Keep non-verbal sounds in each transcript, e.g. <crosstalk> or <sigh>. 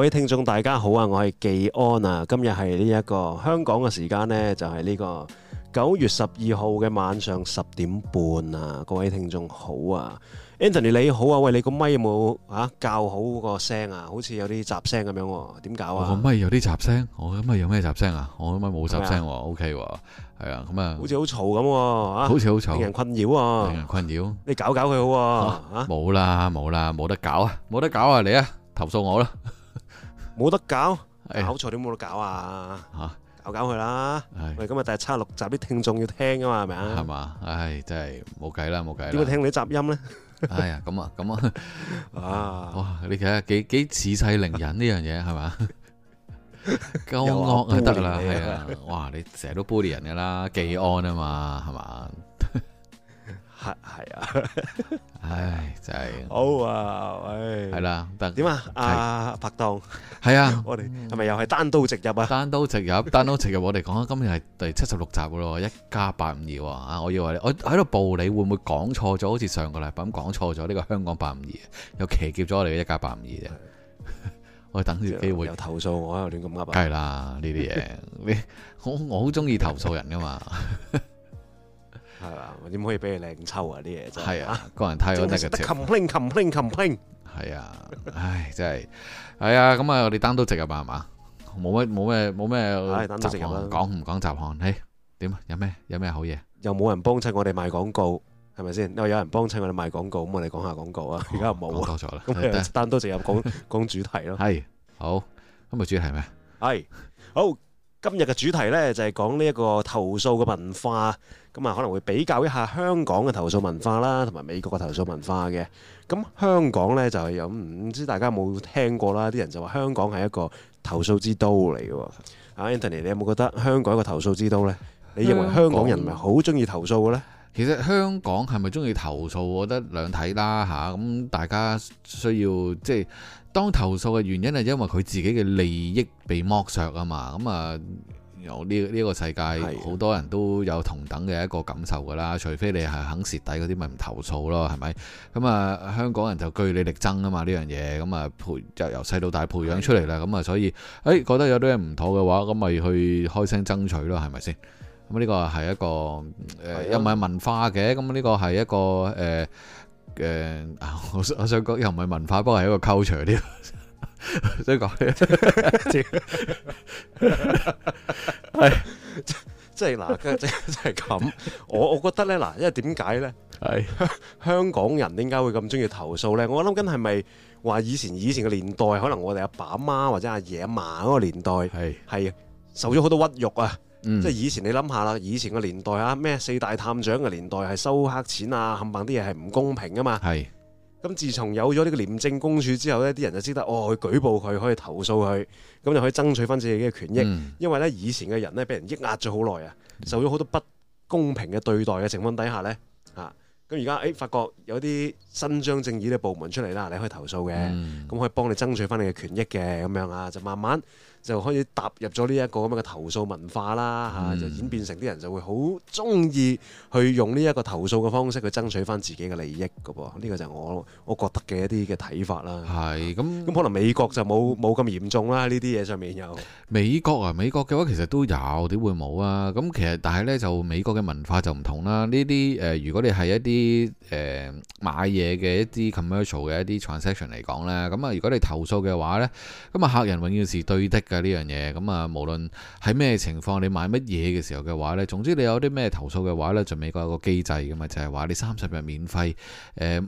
各位聽眾大家好啊，我係紀安啊，今日係呢一個香港嘅時間呢，就係、是、呢、這個九月十二號嘅晚上十點半啊。各位聽眾好啊，Anthony 你好啊，喂，你個咪有冇啊較好個聲啊？好似有啲雜聲咁樣，點搞？啊？個咪有啲雜聲、啊，我個咪有咩雜聲、OK、啊？我個咪冇雜聲，OK 喎，係啊，咁啊，好似好嘈咁，啊，好似好嘈，令人困擾啊，令人困擾，你搞搞佢好啊，冇啦冇啦，冇得搞啊，冇得搞啊，你啊，投訴我啦。 <laughs> 冇得搞，搞錯點冇得搞啊！吓、啊，搞搞佢啦。的我哋今日第七十六集啲聽眾要聽噶嘛，係咪啊？係嘛，唉，真係冇計啦，冇計。點會聽你雜音咧？ <laughs> 哎呀，咁啊，咁啊，哇哇，你睇下幾幾恃勢凌人呢樣嘢係嘛？夠惡就得啦，係啊，哇，你成日都 bully 人噶啦，忌安啊嘛，係嘛？係啊，唉，真係好、哦、啊，唉，係啦，得點啊？阿拍檔係啊，我哋係咪又係單刀直入啊？單刀直入，單刀直入我，我哋講啊，今日係第七十六集噶咯，一加八五二啊！我以為我喺度報你，會唔會講錯咗？好似上個禮拜咁講錯咗，呢個香港八五二，又騎劫咗我哋嘅一加八五二啫。我等住機會，有投訴我又亂咁噏，梗係啦呢啲嘢，你我我好中意投訴人噶嘛。係啊，點可以俾你靚抽啊？啲嘢真係啊，個人睇我得嘅啫。complain complain complain。係啊，唉，真係。係啊，咁啊，我哋單刀直入啊嘛，係嘛，冇咩冇咩冇咩雜項，講唔講雜項？誒，點有咩有咩好嘢？又冇人幫襯我哋賣廣告，係咪先？又有人幫襯我哋賣廣告，咁我哋講下廣告啊！而家又冇啊，講錯啦。咁單刀直入講講主題咯。係好咁啊，主題咩？係好。今日嘅主題呢，就係講呢一個投訴嘅文化，咁啊可能會比較一下香港嘅投訴文化啦，同埋美國嘅投訴文化嘅。咁香港呢、就係，就係有唔知大家有冇聽過啦，啲人就話香港係一個投訴之都嚟嘅。啊，Anthony，你有冇覺得香港係一個投訴之都呢？你認為香港人係咪好中意投訴嘅呢？其實香港係咪中意投訴？我覺得兩睇啦吓，咁大家需要即係。當投訴嘅原因係因為佢自己嘅利益被剝削啊嘛，咁啊有呢呢個世界好多人都有同等嘅一個感受㗎啦，的除非你係肯蝕底嗰啲咪唔投訴咯，係咪？咁啊香港人就據理力爭啊嘛呢樣嘢，咁啊培就由細到大培養出嚟啦，咁啊的所以誒、欸、覺得有啲嘢唔妥嘅話，咁咪去開聲爭取咯，係咪先？咁呢個係一個又唔係文化嘅，咁呢個係一個誒。呃嘅、嗯，我我想講又唔係文化，不過係一個 culture 啲，即係講，係即係嗱，即係即係咁，我我覺得咧，嗱、就是就是就是就是，因為點解咧？係香港人點解會咁中意投訴咧？我諗緊係咪話以前以前嘅年代，可能我哋阿爸阿媽或者阿爺阿嫲嗰個年代係係受咗好多屈辱啊！嗯、即係以前你諗下啦，以前個年代啊，咩四大探長嘅年代係收黑錢啊，冚唪唥啲嘢係唔公平噶嘛。係是。咁自從有咗呢個廉政公署之後呢，啲人就知得哦，去舉報佢，可以投訴佢，咁就可以爭取翻自己嘅權益。嗯、因為呢，以前嘅人呢，俾人抑壓咗好耐啊，受咗好多不公平嘅對待嘅情況底下呢。吓，咁而家誒，發覺有啲伸張正義嘅部門出嚟啦，你可以投訴嘅，咁、嗯、可以幫你爭取翻你嘅權益嘅，咁樣啊，就慢慢。就可以踏入咗呢一個咁嘅投訴文化啦嚇，嗯、就演變成啲人就會好中意去用呢一個投訴嘅方式去爭取翻自己嘅利益噶噃。呢、這個就我我覺得嘅一啲嘅睇法啦。係咁咁可能美國就冇冇咁嚴重啦。呢啲嘢上面有美國啊，美國嘅話其實都有點會冇啊。咁其實但係呢，就美國嘅文化就唔同啦。呢啲誒如果你係一啲誒、呃、買嘢嘅一啲 commercial 嘅一啲 transaction 嚟講呢，咁啊如果你投訴嘅話呢，咁啊客人永遠是對的。計呢樣嘢，咁啊，無論喺咩情況，你買乜嘢嘅時候嘅話呢，總之你有啲咩投訴嘅話呢，就美國有個機制㗎嘛，就係、是、話你三十日免費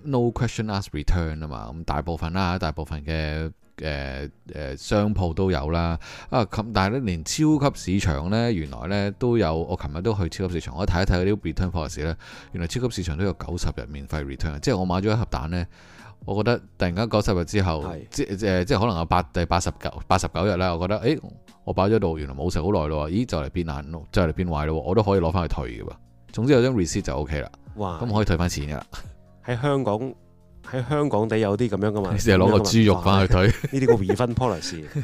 ，no question ask return 啊嘛，咁大部分啦，大部分嘅誒、呃、商鋪都有啦，啊，但係呢，連超級市場呢，原來呢都有，我琴日都去超級市場，我睇一睇嗰啲 return policy 呢，原來超級市場都有九十日免費 return，即係我買咗一盒蛋呢。我覺得突然間九十日之後，是即誒即可能有八第八十九八十九日咧，我覺得誒、欸、我擺咗度，原來冇食好耐咯喎，咦就嚟變爛，就嚟變壞咯喎，我都可以攞翻去退嘅喎。總之有張 receipt 就 O K 啦，咁哇可以退翻錢噶。喺香港喺香港地有啲咁樣噶嘛？你試攞個豬肉翻去退呢啲叫 r e f u n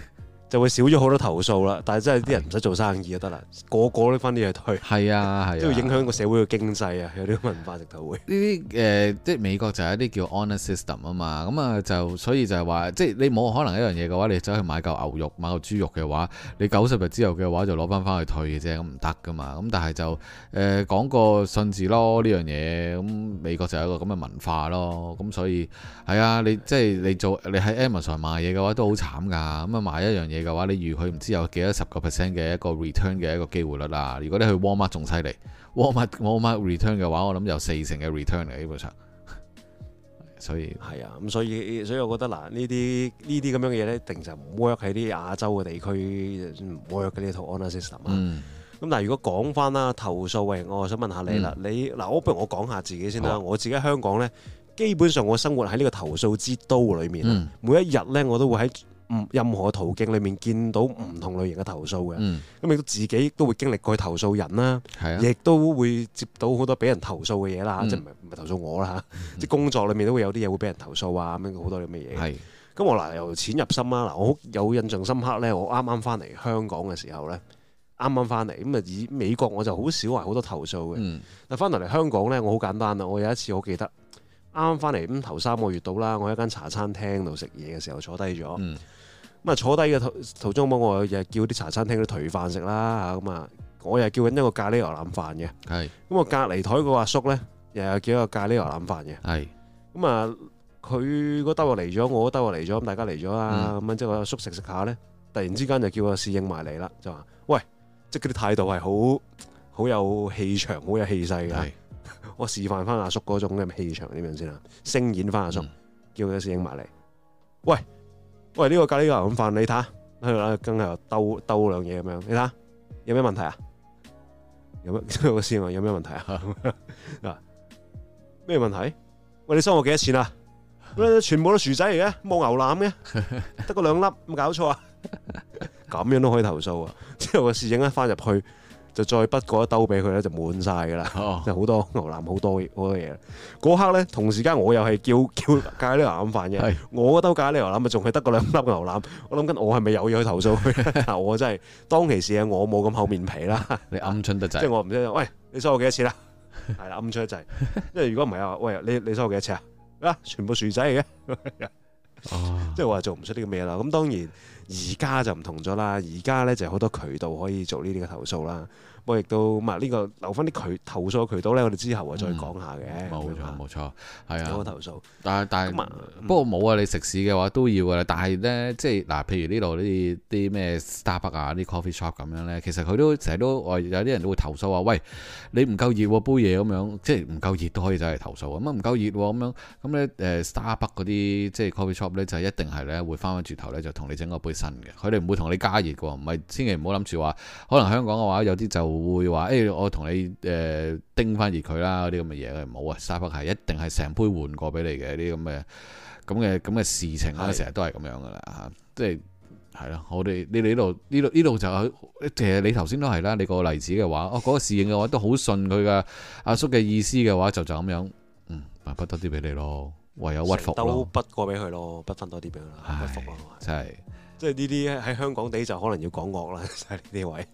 就會少咗好多投訴啦，但係真係啲人唔使做生意就得啦，的個個都翻啲嘢退。係啊，係啊，都要影響個社會嘅經濟啊，有啲文化直頭會。呢啲誒，即係美國就係一啲叫 honest system 啊嘛，咁啊就所以就係話，即係你冇可能一樣嘢嘅話，你走去買嚿牛肉買嚿豬肉嘅話，你九十日之後嘅話就攞翻翻去退嘅啫，咁唔得噶嘛。咁但係就誒、呃、講個信字咯呢樣嘢，咁美國就係一個咁嘅文化咯。咁所以係啊，你即係你做你喺 Amazon 賣嘢嘅話都好慘㗎，咁啊賣一樣嘢。嘅話，你如佢唔知有幾多十個 percent 嘅一個 return 嘅一個機會率啦、啊。如果你去 War 馬仲犀利，War m War e t u r n 嘅話，我諗有四成嘅 return 基本上。所以係啊，咁所以所以我覺得嗱，呢啲呢啲咁樣嘅嘢咧，一定就唔 work 喺啲亞洲嘅地區 work 嘅呢套 analysis 啊。咁、嗯、但如果講翻啦，投訴，我我想問下你啦，嗯、你嗱，我不如我講下自己先啦。好我自己喺香港咧，基本上我生活喺呢個投訴之都裏面、嗯、每一日咧我都會喺任何途徑裏面見到唔同類型嘅投訴嘅，咁亦都自己都會經歷過去投訴人啦，亦都、啊、會接到好多俾人投訴嘅嘢啦，嗯、即唔係投訴我啦，嗯、即工作裏面都會有啲嘢會俾人投訴啊，咁好多咁嘅嘢。咁是我嗱由淺入深啦，嗱我有印象深刻呢。我啱啱翻嚟香港嘅時候呢，啱啱翻嚟，咁啊以美國我就好少話好多投訴嘅，嗯、但翻嚟香港呢，我好簡單啊，我有一次我記得。啱啱翻嚟咁頭三個月到啦，我喺間茶餐廳度食嘢嘅時候坐低咗，咁啊、嗯、坐低嘅途途中我咪又叫啲茶餐廳啲頹飯食啦，咁啊我又叫緊一個咖喱牛腩飯嘅，係，咁我隔籬台個阿叔咧又叫一個咖喱牛腩飯嘅，係是，咁是、嗯、啊佢嗰兜又嚟咗，我嗰兜又嚟咗，咁大家嚟咗啦。咁啊、嗯嗯、即係阿叔食食下咧，突然之間就叫個侍應埋嚟啦，就話喂，即係佢啲態度係好好有氣場，好有氣勢嘅。的我示範翻阿叔嗰種嘅氣場點樣先啦，聲演翻阿叔，叔，叫佢個侍應埋嚟，喂喂呢、這個咖喱牛腩飯，你睇下，係啦，跟佢又兜兜兩嘢咁樣，你睇下有咩問題啊？有咩先啊？有咩問題啊？嗱，咩問題？喂，你收我幾多錢啊？全部都薯仔嚟嘅，冇牛腩嘅，得個兩粒，冇搞錯啊？咁 <laughs> 樣都可以投訴啊？之後個侍應一翻入去。就再不過一兜俾佢咧，就滿曬噶啦，就好多牛腩，好多好多嘢。嗰刻咧，同時間我又係叫叫咖喱牛腩飯嘅，我嗰兜咖喱牛腩咪仲係得個兩粒牛腩。我諗緊我係咪有嘢去投訴佢？嗱，我真係當其時啊，我冇咁厚面皮啦。你鵪鶉得滯，即係我唔知。喂，你收我幾多錢啦？係啦，鵪鶉得滯。即係如果唔係啊，喂，你你收我幾多錢啊？啊，全部薯仔嚟嘅。哦，即係話做唔出呢個咩啦，咁當然而家就唔同咗啦，而家呢，就好多渠道可以做呢啲嘅投訴啦。我亦都唔呢、呢個留翻啲渠投訴嘅渠道咧，我哋之後啊再講下嘅。冇錯冇錯，係啊，投訴。但係但係不過冇啊，你食肆嘅話都要噶啦。但係咧即係嗱，譬如呢度啲啲咩 Starbucks 啊，啲 coffee shop 咁樣咧，其實佢都成日都有有啲人都會投訴話，喂，你唔夠熱、啊、杯嘢咁樣，即係唔夠熱都可以走嚟投訴啊。咁啊唔夠熱咁樣，咁咧誒、呃、Starbucks 嗰啲即係 coffee shop 咧，就一定係咧會翻翻轉頭咧就同你整個杯新嘅。佢哋唔會同你加熱嘅，唔係千祈唔好諗住話，可能香港嘅話有啲就。會話誒、哎，我同你誒叮翻熱佢啦，嗰啲咁嘅嘢，唔好啊！沙包鞋一定係成杯換過俾你嘅，啲咁嘅咁嘅咁嘅事情啦，成日都係咁樣噶啦，吓是的，即係係咯，我哋你呢度呢度呢度就係，其實你頭先都係啦，你個例子嘅話，哦、那、嗰個侍應嘅話都好順佢嘅阿叔嘅意思嘅話，就就咁樣，嗯，咪補多啲俾你咯，唯有屈服都不過俾佢咯，不分多啲俾佢啦，係唉，真係。即係呢啲喺香港地就可能要講惡啦，就係呢啲位。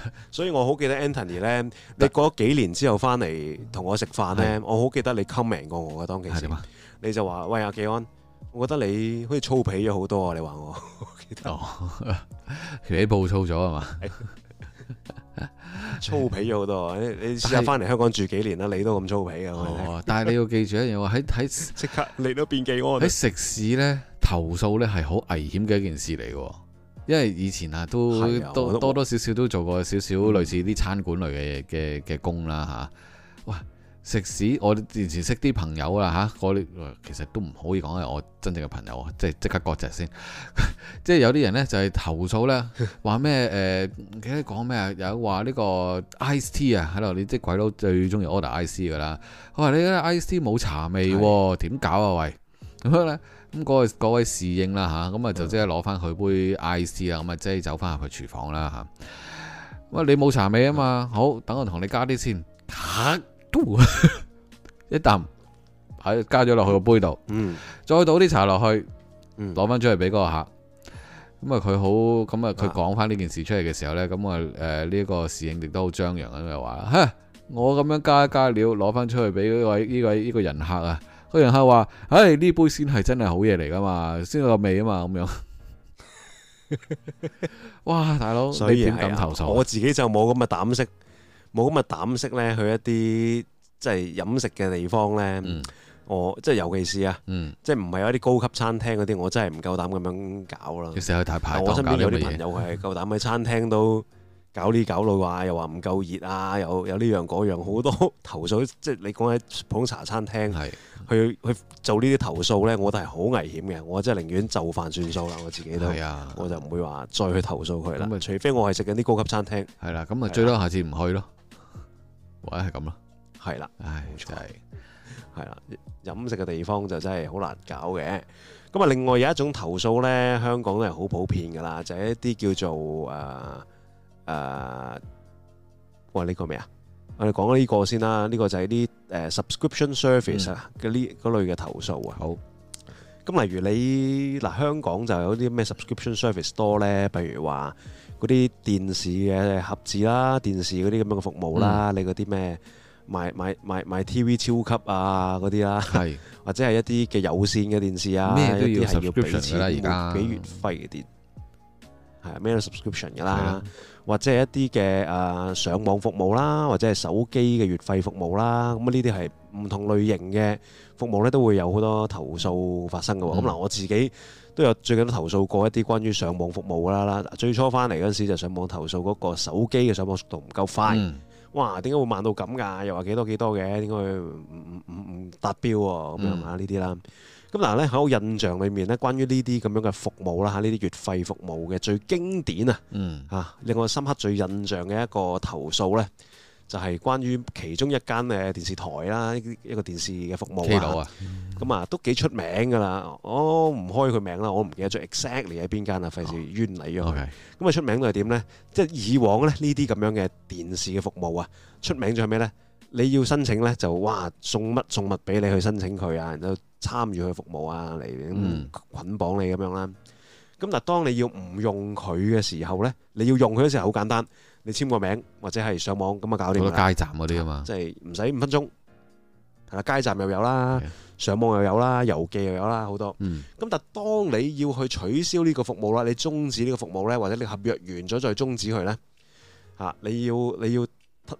<laughs> 所以我好記得 Anthony 咧，但 你過咗幾年之後翻嚟同我食飯咧，的我好記得你 comment 過我嘅當其時，你就話：喂阿紀安，我覺得你好似粗鄙咗好多啊！你話我，我記得， <laughs> 你暴躁咗係嘛？是的 <laughs> 粗鄙咗好多，是你試下翻嚟香港住幾年啦，你都咁粗鄙嘅。哦、 <laughs> 但係你要記住一樣喺喺即刻你都變技安。喺食肆呢，投訴呢係好危險嘅一件事嚟嘅，因為以前啊都的多我也 多多少少都做過少少類似啲餐館類嘅嘅嘅工啦吓。嗯嗯食屎！我哋之前識啲朋友啊吓，我呢其實都唔可以講係我真正嘅朋友啊，即係即刻割席先。 <laughs> 即係有啲人呢，就係、是、投訴呢話咩誒？佢講咩啊？有話呢個 ice 啊，喺度你即鬼佬最中意 order ice 嘅啦。佢話你啲 ice 冇茶味喎，點的、哦、搞啊？喂咁樣呢？咁、那、嗰、個、位，位侍應啦吓，咁啊就即係攞翻佢杯 ice 啊，咁啊即係走翻入去廚房啦吓，喂、啊啊，你冇茶味啊嘛？的好，等我同你加啲先。 <laughs> 一啖喺加咗落去個杯度，嗯、再倒啲茶落去，攞翻出去俾嗰個客。咁啊佢好，咁啊佢講翻呢件事出嚟嘅時候咧，咁啊誒呢、嗯嗯這個侍應亦都好張揚咁就話，吓我咁樣加一加料，攞翻出去俾呢位呢位呢個人客啊！嗰人客話，唉、哎、呢、這個、杯先係真係好嘢嚟噶嘛，先有個味啊嘛，咁樣。哇，大佬，啊、你以點敢投訴、啊？我自己就冇咁嘅膽識。冇咁嘅膽識咧，去一啲即係飲食嘅地方咧，我即係尤其是啊，即係唔係一啲高級餐廳嗰啲，我真係唔夠膽咁樣搞啦。其實去大排檔，我身邊有啲朋友係夠膽喺餐廳都搞呢搞嗰，話又話唔夠熱啊，又又呢樣嗰樣，好多投訴。即係你講喺普通茶餐廳，去去做呢啲投訴咧，我都係好危險嘅。我真係寧願就飯算數啦，我自己都係啊，我就唔會話再去投訴佢。咁除非我係食緊啲高級餐廳，係啦，咁啊，最多下次唔去咯。或者係咁啦，係啦，了唉，冇錯係，係啦、就是，飲 <laughs> 食嘅地方就真係好難搞嘅。咁啊，另外有一種投訴呢，香港都係好普遍噶啦，就係、是、一啲叫做誒誒、呃呃，喂，呢、這個咩啊？我哋講呢個先啦，呢、呢個就係啲誒 subscription service 啊、嗯，嗰啲嗰類嘅投訴啊，嗯、好。咁例如你嗱，香港就有啲咩 subscription service 多呢？譬如話。嗰啲電視嘅盒子啦，電視嗰啲咁樣嘅服務啦，嗯、你嗰啲咩買買買 TV 超級啊嗰啲啦，是或者係一啲嘅有線嘅電視啊，呢啲係要俾錢嘅，俾月費嘅電，係啊，咩 subscription 噶啦，的或者係一啲嘅誒上網服務啦，嗯、或者係手機嘅月費服務啦，咁呢啲係唔同類型嘅服務咧，都會有好多投訴發生嘅喎。咁嗱、嗯，我自己。都有最近都投訴過一啲關於上網服務啦啦，最初翻嚟嗰陣時就上網投訴嗰個手機嘅上網速度唔夠快，嗯、哇點解會慢到咁㗎？又話幾多幾多嘅，點解會唔唔唔唔達標喎咁樣、嗯、啊呢啲啦。咁嗱咧喺我印象裏面咧，關於呢啲咁樣嘅服務啦嚇，呢啲月費服務嘅最經典、嗯、啊，嚇令我深刻最印象嘅一個投訴咧，就係關於其中一間嘅電視台啦，一啲一個電視嘅服務啊，咁啊、嗯嗯、都幾出名㗎啦、哦。我唔開佢名啦，我唔記得咗、exactly。exact 嚟喺邊間啊？費事冤你咗。咁啊出名就係點呢？即係以往呢呢啲咁樣嘅電視嘅服務啊，出名就係咩呢？你要申請呢，就哇送乜送物俾你去申請佢啊，然之後參與佢服務啊嚟咁捆綁你咁、嗯、樣啦。咁嗱，當你要唔用佢嘅時候呢，你要用佢嘅時候好簡單。你簽個名或者係上網咁啊，就搞掂，好多街站嗰啲啊嘛，即係唔使五分鐘。係啦，街站又有啦，的上網又有啦，郵寄又有啦，好多。咁、嗯、但係當你要去取消呢個服務啦，你終止呢個服務呢，或者你合約完咗再終止佢呢？啊，你要你要你要，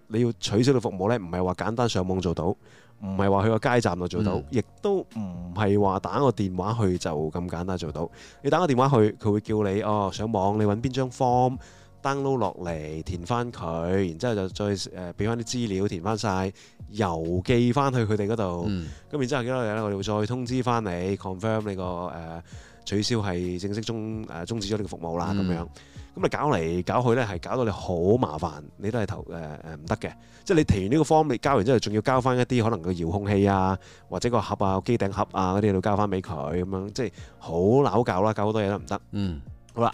你要取消個服務呢？唔係話簡單上網做到，唔係話去個街站度做到，亦都唔係話打個電話去就咁簡單做到。你打個電話去，佢會叫你哦，上網你揾邊張 form。download 落嚟填翻佢，然之後就再誒俾翻啲資料填翻晒，郵寄翻去佢哋嗰度。咁、嗯、然之後幾多日咧，我哋會再通知翻你 confirm 你個誒、呃、取消係正式終誒終止咗呢個服務啦咁樣。咁你、嗯嗯、搞嚟搞去咧，係搞到你好麻煩，你都係投誒誒唔得嘅。即係你填完呢個 form，你交完之後，仲要交翻一啲可能個遙控器啊，或者個盒啊、機頂盒啊嗰啲你要交翻俾佢咁樣，即係好扭搞啦，搞好多嘢都唔得。嗯，好啦。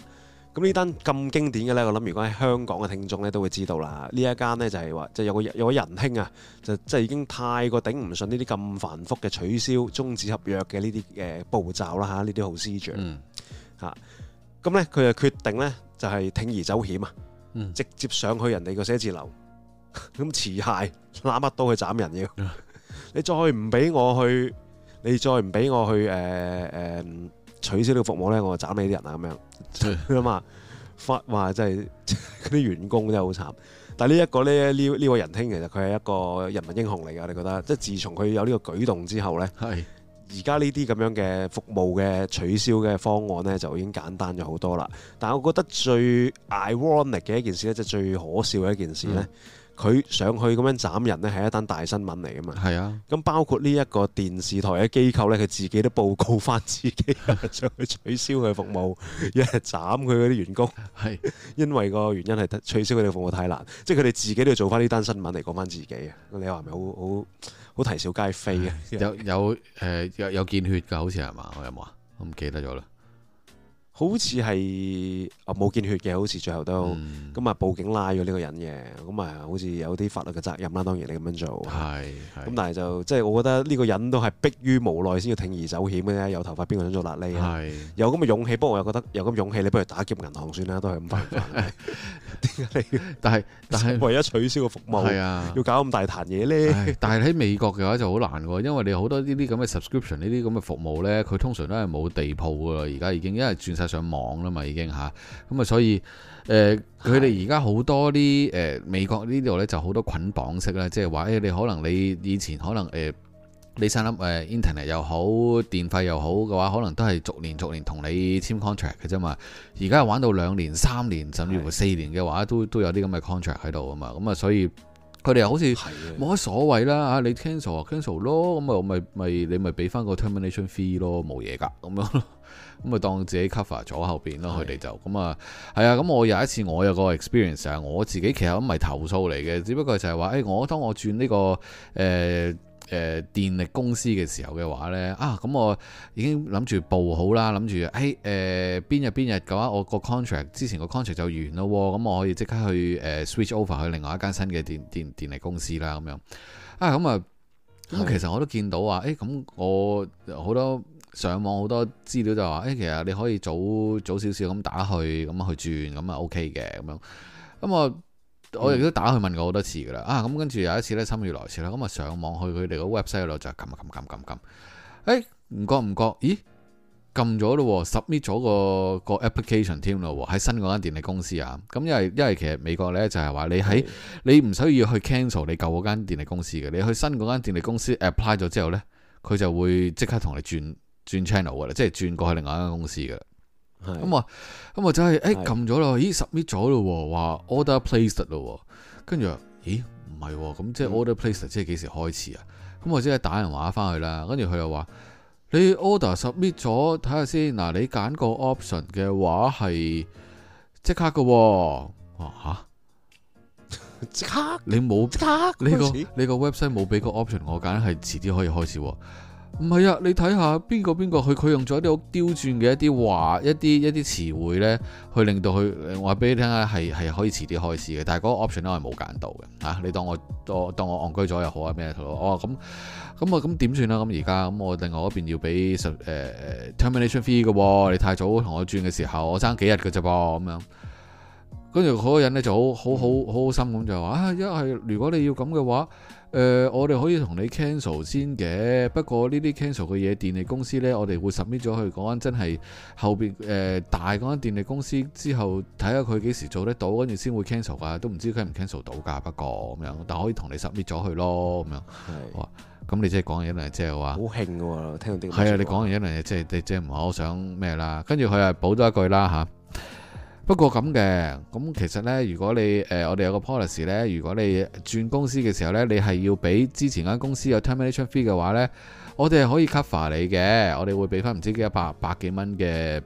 咁呢單咁經典嘅呢，我諗如果喺香港嘅聽眾咧都會知道啦。呢一間呢，就係話，即係有個有個仁兄啊，就即係已經太過頂唔順呢啲咁繁複嘅取消終止合約嘅呢啲誒步驟啦嚇，呢啲好思緒咁呢，佢就決定呢，就係鋌而走險啊，直接上去人哋個寫字樓，咁持械攬乜刀去斬人要。嗯、 <laughs> 你再唔俾我去，你再唔俾我去誒誒。呃呃取消呢個服務呢，我就斬你啲人啊咁樣，啊嘛，發話真係嗰啲員工真係好慘。但係呢一個咧，呢、這、呢位仁兄其實佢係一個人民英雄嚟噶，你覺得？即係自從佢有呢個舉動之後呢，係而家呢啲咁樣嘅服務嘅取消嘅方案呢，就已經簡單咗好多啦。但係我覺得最 ironic 嘅一件事呢，即係最可笑嘅一件事呢。佢上去咁樣斬人呢，係一單大新聞嚟噶嘛？係啊，咁包括呢一個電視台嘅機構呢，佢自己都報告翻自己， <laughs> 想去取消佢服務，一係斬佢嗰啲員工。係是因為個原因係取消佢哋服務太難，即係佢哋自己都要做翻呢單新聞嚟講翻自己啊！你話係咪好好好啼笑皆非啊？有有誒有有見血㗎，好似係嘛？我有冇啊？我唔記得咗啦。好似係，我冇見血嘅，好似最後都咁啊！嗯、報警拉咗呢個人嘅，咁啊，好似有啲法律嘅責任啦。當然你咁樣做，係咁，但係就即係我覺得呢個人都係逼於無奈先要鋌而走險嘅，有頭髮邊個想做癩痢，是有咁嘅勇氣，不過我又覺得有咁勇氣，你不如打劫銀行算啦，都係咁 <laughs> 但係但係為咗取消個服務，啊、要搞咁大壇嘢咧？但係喺美國嘅話就好難喎，因為你好多呢啲咁嘅 subscription 呢啲咁嘅服務呢，佢通常都係冇地鋪噶，而家已經因為經轉上網啦嘛已經吓，咁啊所以誒佢哋而家好多啲誒、呃、美國呢度呢就好多捆綁式啦，即係話誒你可能你以前可能誒、呃、你想諗誒 internet 又好電費又好嘅話，可能都係逐年逐年同你簽 contract 嘅啫嘛。而家玩到兩年、三年甚至乎四年嘅話，的都都有啲咁嘅 contract 喺度啊嘛。咁、嗯、啊所以。佢哋又好似冇乜所謂啦嚇的，你 cancel 啊 cancel 咯，咁咪咪咪你咪俾翻個 termination fee 咯，冇嘢噶咁樣咯，咁咪當自己 cover 咗後邊咯，佢哋的就咁啊，係啊，咁我有一次我有個 experience 係我自己其實唔係投訴嚟嘅，只不過就係話，誒、欸、我當我轉呢、呢個誒。呃誒電力公司嘅時候嘅話呢，啊咁、嗯、我已經諗住報好啦，諗住誒誒邊日邊日嘅話，我個 contract 之前個 contract 就完咯，咁、啊嗯、我可以即刻去誒、呃、switch over 去另外一間新嘅電電電力公司啦，咁樣啊咁啊，咁其實我都見到啊。誒、哎、咁、嗯、我好多上網好多資料就話，誒、哎、其實你可以早早少少咁打去，咁、嗯、去轉咁啊 OK 嘅咁樣，咁、嗯、我。嗯嗯嗯嗯我亦都打去問過好多次噶啦，啊咁跟住有一次咧心血來潮啦，咁、嗯、啊上網去佢哋個 website 度就撳啊撳撳撳撳，誒唔、欸、覺唔覺，咦撳咗咯，submit 咗個，個 application 添咯喎，喺新嗰間電力公司啊，咁、嗯、因為因為其實美國咧就係、是、話你喺你唔需要去 cancel 你舊嗰間電力公司嘅，你去新嗰間電力公司 apply 咗之後呢，佢就會即刻同你轉轉 channel 噶啦，即係轉過去另外一間公司噶啦。咁我咁我真係誒撳咗啦，咦 submit 咗啦，話 order placed 咯，跟住話咦唔係，咁即係 order placed 即係幾時開始啊？咁我即係打人話翻去啦，跟住佢又話你 order submit 咗，睇下先嗱，你揀個 option 嘅話係即刻噶，哇吓，即刻你冇即刻開始，你個你個 website 冇俾個 option 我揀係遲啲可以開始。唔係啊，你睇下邊個邊個去，佢用咗一啲好刁鑽嘅一啲話，一啲一啲詞彙咧，去令到佢，我話俾你聽下，係係可以遲啲開始嘅，但係嗰個 option 咧我係冇揀到嘅，吓、啊，你當我、啊、當我戇居咗又好啊咩啊咁咁啊咁點算啊？咁而家咁我另外嗰邊要俾十誒、呃、termination fee 嘅，你太早同我轉嘅時候，我爭幾日嘅啫噃，咁、啊、樣，跟住個人呢就好好好好心咁就話啊，一係如果你要咁嘅話。誒、呃，我哋可以同你 cancel 先嘅。不過呢啲 cancel 嘅嘢，電力公司咧，我哋會 submit 咗去，講真係後邊誒、呃、大嗰間電力公司之後睇下佢幾時做得到，跟住先會 cancel 噶。都唔知佢唔 cancel 到噶。不過咁樣，但可以同你 submit 咗去咯。咁樣咁是你即係講嘢一樣，即係話好興嘅喎。聽到啲係啊，你講完一樣嘢， <laughs> 你即係即係唔好想咩啦。跟住佢又補咗一句啦嚇。啊不過咁嘅，咁、嗯、其實呢，如果你誒、呃、我哋有個 policy 呢，如果你轉公司嘅時候呢，你係要俾之前間公司有 termination fee 嘅話呢，我哋係可以 cover 你嘅，我哋會俾翻唔知幾多百百幾蚊嘅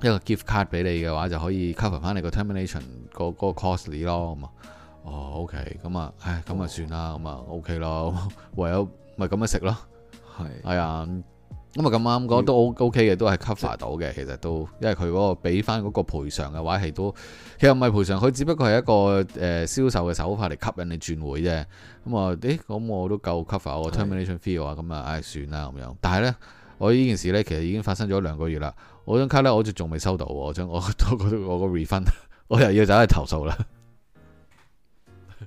一個 gift card 俾你嘅話，就可以 cover 翻你個 termination 嗰嗰、那個 cost 咯，咁、哦、啊，哦，OK，咁啊，唉，咁、哦、啊算啦，咁啊 OK 咯，唯有咪咁樣食咯，係的，係啊、哎。咁啊咁啱，講都 OK 嘅，都係 cover 到嘅。其實都，因為佢嗰、那個俾翻嗰個賠償嘅話都，係都其實唔係賠償，佢只不過係一個誒、呃、銷售嘅手法嚟吸引你轉會啫。咁、嗯、啊，誒，咁、嗯、我都夠 cover 我 termination fee 啊。咁、嗯、啊，唉、哎，算啦咁樣。但係呢，我呢件事呢，其實已經發生咗兩個月啦。我張卡呢，我就仲未收到，我我都覺得我個 refund，我又要走去投訴啦。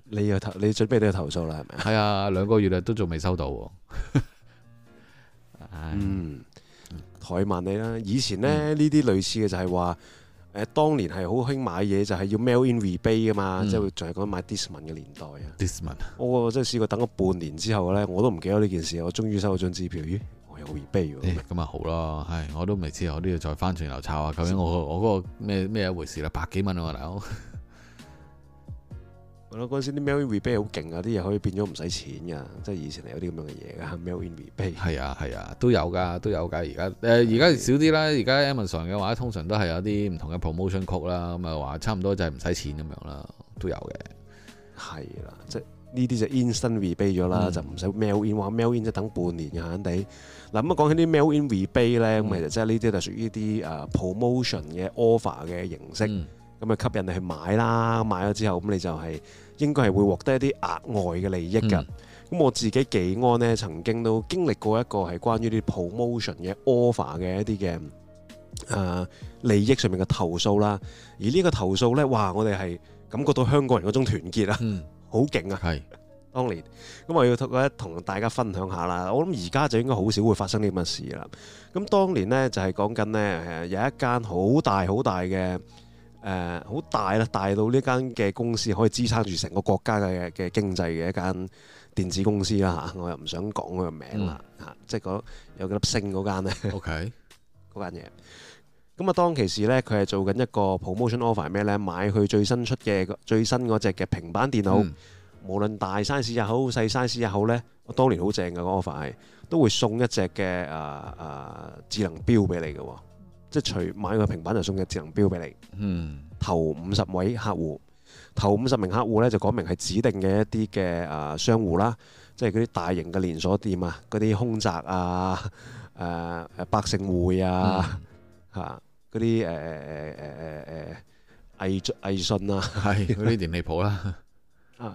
你要投，你準備都要投訴啦，係咪啊？係啊，兩個月啦，都仲未收到。嗯，怠、嗯、慢你啦。以前咧呢啲、嗯、類似嘅就係話，誒當年係好興買嘢，就係、是、要 mail in rebate 噶嘛，嗯、即係仲係講買 discount 嘅年代啊。dis, This month . 我真係試過等咗半年之後咧，我都唔記得呢件事。我終於收咗張支票，咦，我有 rebate 喎。咁啊、欸、好啦，係我都未知，我都要再翻轉頭抄啊。究竟我我嗰個咩咩一回事啦，百幾蚊啊大佬。嗰陣時啲 mail-in rebate 好勁啊，啲嘢可以變咗唔使錢噶，即係以前係有啲咁樣嘅嘢噶。mail-in rebate 係啊係啊，都有噶，都有噶。而家誒而家少啲啦，而家 Amazon 嘅話通常都係有啲唔同嘅 promotion code 啦，咁啊話差唔多就係唔使錢咁樣啦，都有嘅。係啦，即係呢啲就 instant rebate 咗啦，嗯、就唔使 mail-in 話 mail-in 即等半年慳慳哋，嗱咁啊講起啲 mail-in rebate 咧、嗯，咁其實即係呢啲就屬於啲誒 promotion 嘅 offer 嘅形式。嗯咁啊，吸引你去買啦，買咗之後咁你就係應該係會獲得一啲額外嘅利益㗎。咁、嗯、我自己幾安呢，曾經都經歷過一個係關於啲 promotion 嘅 offer 嘅一啲嘅誒利益上面嘅投訴啦。而呢個投訴呢，哇！我哋係感覺到香港人嗰種團結、嗯、 <laughs> 啊，好勁啊。係當年咁我要同大家分享下啦。我諗而家就應該好少會發生呢啲乜事啦。咁當年呢，就係講緊呢，有一間好大好大嘅。誒好大啦，大到呢間嘅公司可以支撐住成個國家嘅嘅經濟嘅一間電子公司啦嚇，我又唔想講佢個名啦嚇，即係嗰有幾粒星嗰間咧。OK，嗰間嘢。咁啊，當其時咧，佢係做緊一個 promotion offer 咩咧？買佢最新出嘅最新嗰隻嘅平板電腦，無論大 size 又好細 size 又好咧，我當年好正嘅個 offer 係都會送一隻嘅啊啊智能錶俾你嘅喎。即係除買個平板就送個智能錶俾你。嗯、頭五十位客戶，頭五十名客戶咧就講明係指定嘅一啲嘅誒商戶啦，即係嗰啲大型嘅連鎖店啊，嗰啲空宅啊，誒、啊、誒百姓匯啊，嚇嗰啲誒誒誒誒誒毅毅信啊，係嗰啲電力鋪啦，啊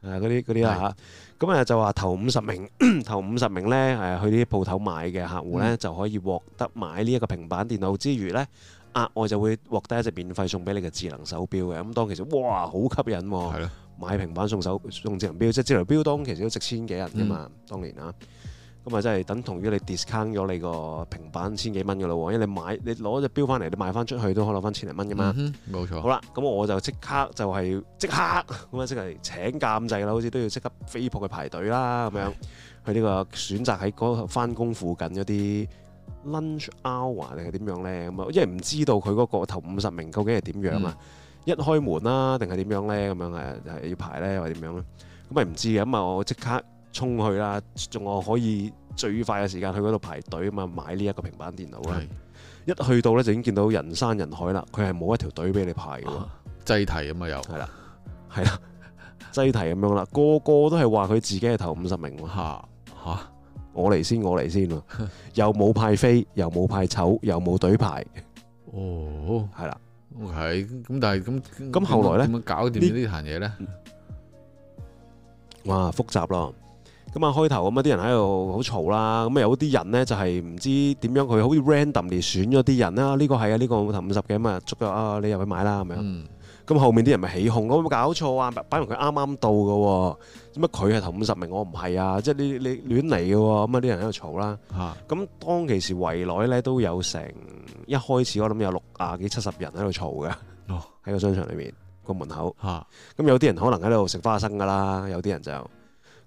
啊嗰啲嗰啲咁啊就話頭五十名， <coughs> 頭五十名呢，誒去啲鋪頭買嘅客戶呢，嗯、就可以獲得買呢一個平板電腦之餘呢，額外就會獲得一隻免費送俾你嘅智能手錶嘅。咁當其實，哇，好吸引喎、啊！的買平板送手送智能錶，即係智能錶當其實都值千幾銀㗎嘛，嗯、當年啊！咁啊，真係等同於你 discount 咗你個平板千幾蚊嘅咯喎，因為你買你攞隻錶翻嚟，你賣翻出去都可以攞翻千零蚊㗎嘛。冇、嗯、錯。好啦，咁我就刻、就係、刻即刻就係即刻咁樣即係請監製啦，好似都要即刻飛撲去排隊啦，咁樣是去呢、呢個選擇喺嗰翻工附近嗰啲 lunch hour 定係點樣咧？咁啊，因為唔知道佢嗰個頭五十名究竟係點樣啊？嗯、一開門啦，定係點樣咧？咁樣誒係、就係、要排咧，或點樣咧？咁咪唔知嘅咁嘛，我即刻。衝去啦，仲我可以最快嘅時間去嗰度排隊啊嘛，買呢一個平板電腦啊！是一去到呢就已經見到人山人海啦，佢係冇一條隊俾你排嘅，擠、啊、題咁嘛又係啦，係啦，擠題咁樣啦，個個都係話佢自己係頭五十名喎，吓吓、啊，我嚟先，我嚟先啊！又冇派飛，又冇派籌，又冇隊排，哦，係啦的，係咁、嗯，但係咁咁後來咧，點搞掂呢啲壇嘢呢？哇、嗯，複雜咯～咁啊，開頭咁啊，啲人喺度好嘈啦。咁啊，有啲人咧就係唔知點樣，佢好似 random 嚟選咗啲人啦。呢個係啊，呢個頭五十嘅，咁啊，捉咗啊，你入去買啦，係咪啊？咁、嗯、後面啲人咪起哄，我冇搞錯啊！擺明佢啱啱到嘅，點解佢係頭五十名，我唔係啊！即係你你，你亂嚟嘅喎。咁啊，啲人喺度嘈啦。咁當其時圍內咧都有成一開始我諗有六十幾七十人喺度嘈嘅，喺個商場裏面個門口。咁、啊、有啲人可能喺度食花生噶啦，有啲人就。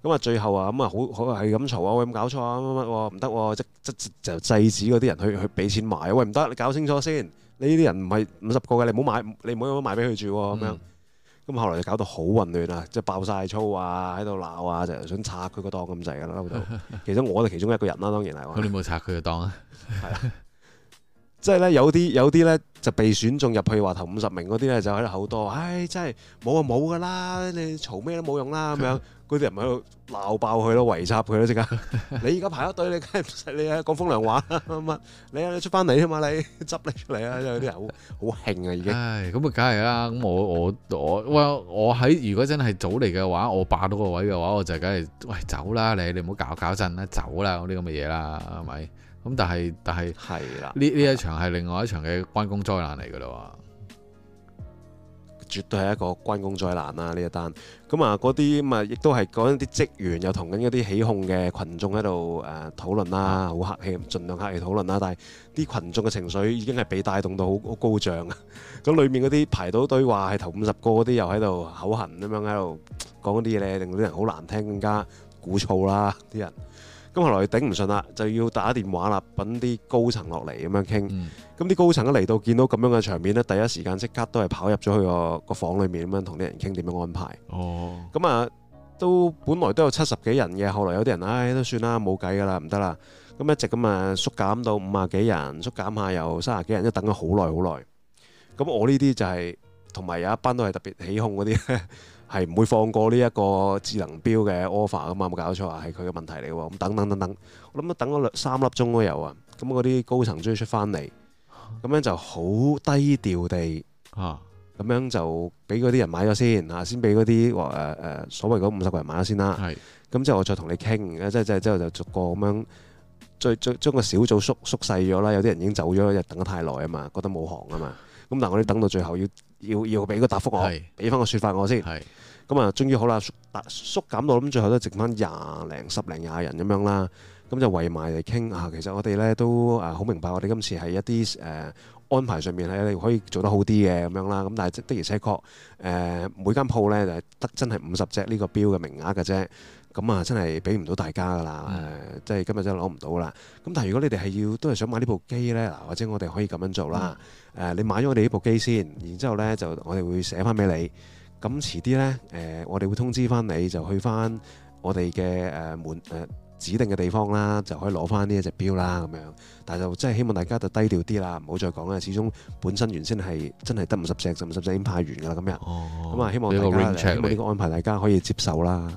咁啊，最後啊，咁啊，好好係咁嘈啊，喂，咁搞錯啊，乜乜唔得，即即就制止嗰啲人去去俾錢買啊，喂，唔得，你搞清楚先，你呢啲人唔係五十個嘅，你唔好買，你唔好買俾佢住，咁樣，咁、嗯、後來就搞到好混亂啊，即係爆晒粗啊，喺度鬧啊，就想拆佢個檔咁滯嘅啦，其實我哋其中一個人啦，當然係咁，你冇拆佢嘅檔啊，係啊。 <laughs> 即係咧，有啲有啲咧就被選中入去話頭五十名嗰啲咧，就喺度好多。唉，真係冇就冇㗎啦，你嘈咩都冇用啦咁樣。嗰啲人咪喺度鬧爆佢咯，圍插佢咯即刻。你而家排咗隊，你梗係唔使你啊講風涼話啦，乜乜你啊出翻嚟吖嘛，你執你出嚟啊！有啲人好㷫啊，已經。唉，咁啊，梗係啦。咁我我我喂，我喺如果真係早嚟嘅話，我霸到個位嘅話，我就梗係喂走啦，你你唔好搞搞震啦，走啦，啲咁嘅嘢啦，係咪？咁但係，但係係啦，呢一，呢一場係另外一場嘅關公災難嚟噶啦，絕對係一個關公災難啦，啊，呢一單。咁啊，嗰啲咁啊，亦都係講緊啲職員又同緊一啲起哄嘅群眾喺度誒討論啦，好客氣，盡量客氣討論啦。但係啲群眾嘅情緒已經係被帶動到好好高漲啊！咁裏面嗰啲排到隊話係頭五十個嗰啲又喺度口痕咁樣喺度講啲嘢，令到啲人好難聽，更加鼓噪啦啲人。咁後來頂唔順啦，就要打電話啦，揾啲高層落嚟咁樣傾。咁啲、嗯、高層一嚟到，見到咁樣嘅場面呢，第一時間即刻都係跑入咗去個個房裏面咁樣同啲人傾點樣安排。哦。咁啊，都本來都有七十幾人嘅，後來有啲人唉都算啦，冇計噶啦，唔得啦。咁一直咁啊，縮減到五啊幾人，縮減下又三十幾人，都等咗好耐好耐。咁我呢啲就係同埋有一班都係特別起哄嗰啲。 <laughs> 係唔會放過呢一個智能錶嘅 offer 咁啊。冇搞錯啊，係佢嘅問題嚟喎。咁等等等等，我諗等咗三粒鐘都有啊。咁嗰啲高層終於出翻嚟，咁樣就好低調地，啊，咁樣就俾嗰啲人買咗先嚇，先俾嗰啲話誒誒所謂嗰五十個人買咗先啦。咁係。之後我再同你傾，即係即係之後就逐個咁樣，最最將個小組縮縮細咗啦。有啲人已經走咗，日，等得太耐啊嘛，覺得冇行啊嘛。咁但係我哋等到最後要，要要俾個答覆我，俾翻個説法我先。咁啊是，終於好啦，縮縮減到咁，最後都剩翻廿零十零廿人咁樣啦。咁就圍埋嚟傾啊。其實我哋咧都啊好明白，我哋今次係一啲誒、呃、安排上面咧你可以做得好啲嘅咁樣啦。咁但係的而且確誒、呃、每間鋪咧就係得真係五十隻呢個，個標嘅名額嘅啫。咁啊，真係俾唔到大家噶啦，誒，即係今日真係攞唔到啦。咁但係如果你哋係要都係想買呢部機呢，嗱，或者我哋可以咁樣做啦。誒，你買咗我哋呢部機先，然之後呢，就我哋會寫翻俾你。咁遲啲呢，誒，我哋會通知翻你就去翻我哋嘅誒門指定嘅地方啦，就可以攞翻呢一隻表啦咁樣。但係就真係希望大家就低調啲啦，唔好再講啦。始終本身原先係真係得五十隻，就五十隻已經派完噶啦，今日。哦。咁啊，希望大家呢個安排大家可以接受啦。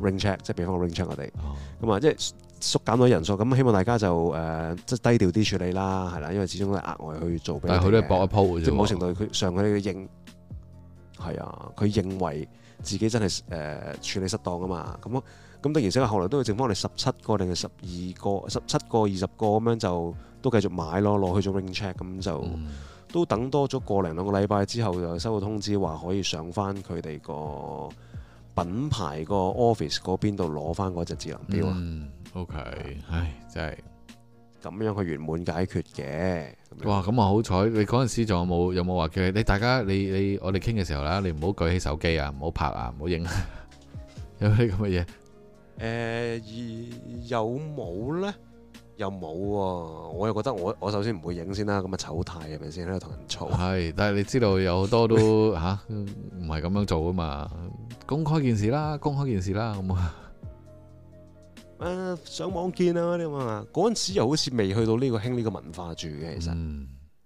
ring check 即係，比如講 ring check 我哋，咁啊、oh. 嗯，即係縮減咗人數，咁希望大家就誒、呃、即係低調啲處理啦，係啦，因為始終都係額外去做。但係佢都係搏一鋪嘅啫。某程度佢上嗰啲認係啊，佢認為自己真係誒、呃、處理失當啊嘛，咁啊，咁當然之後後來都係淨翻我哋十七個定係十二個、十七個、二十個咁樣就都繼續買咯，攞去做 ring check，咁就、嗯、都等多咗個零兩個禮拜之後就收到通知話可以上翻佢哋個。品牌個 office 嗰邊度攞翻嗰隻智能表啊？OK 唉，真係咁樣去圓滿解決嘅。哇，咁啊好彩！你嗰陣時仲有冇有冇話叫你大家你你我哋傾嘅時候啦，你唔好舉起手機啊，唔好拍啊，唔好影啊， <laughs> 有啲咁嘅嘢。而、呃、有冇咧？又冇喎，我又覺得我我首先唔會影先啦，咁啊醜態係咪先喺度同人嘈？係，但係你知道有好多都嚇唔係咁樣做啊嘛！公開件事啦，公開件事啦，咁啊上網見啊啲咁啊，嗰陣時又好似未去到呢個興呢個文化住嘅，其實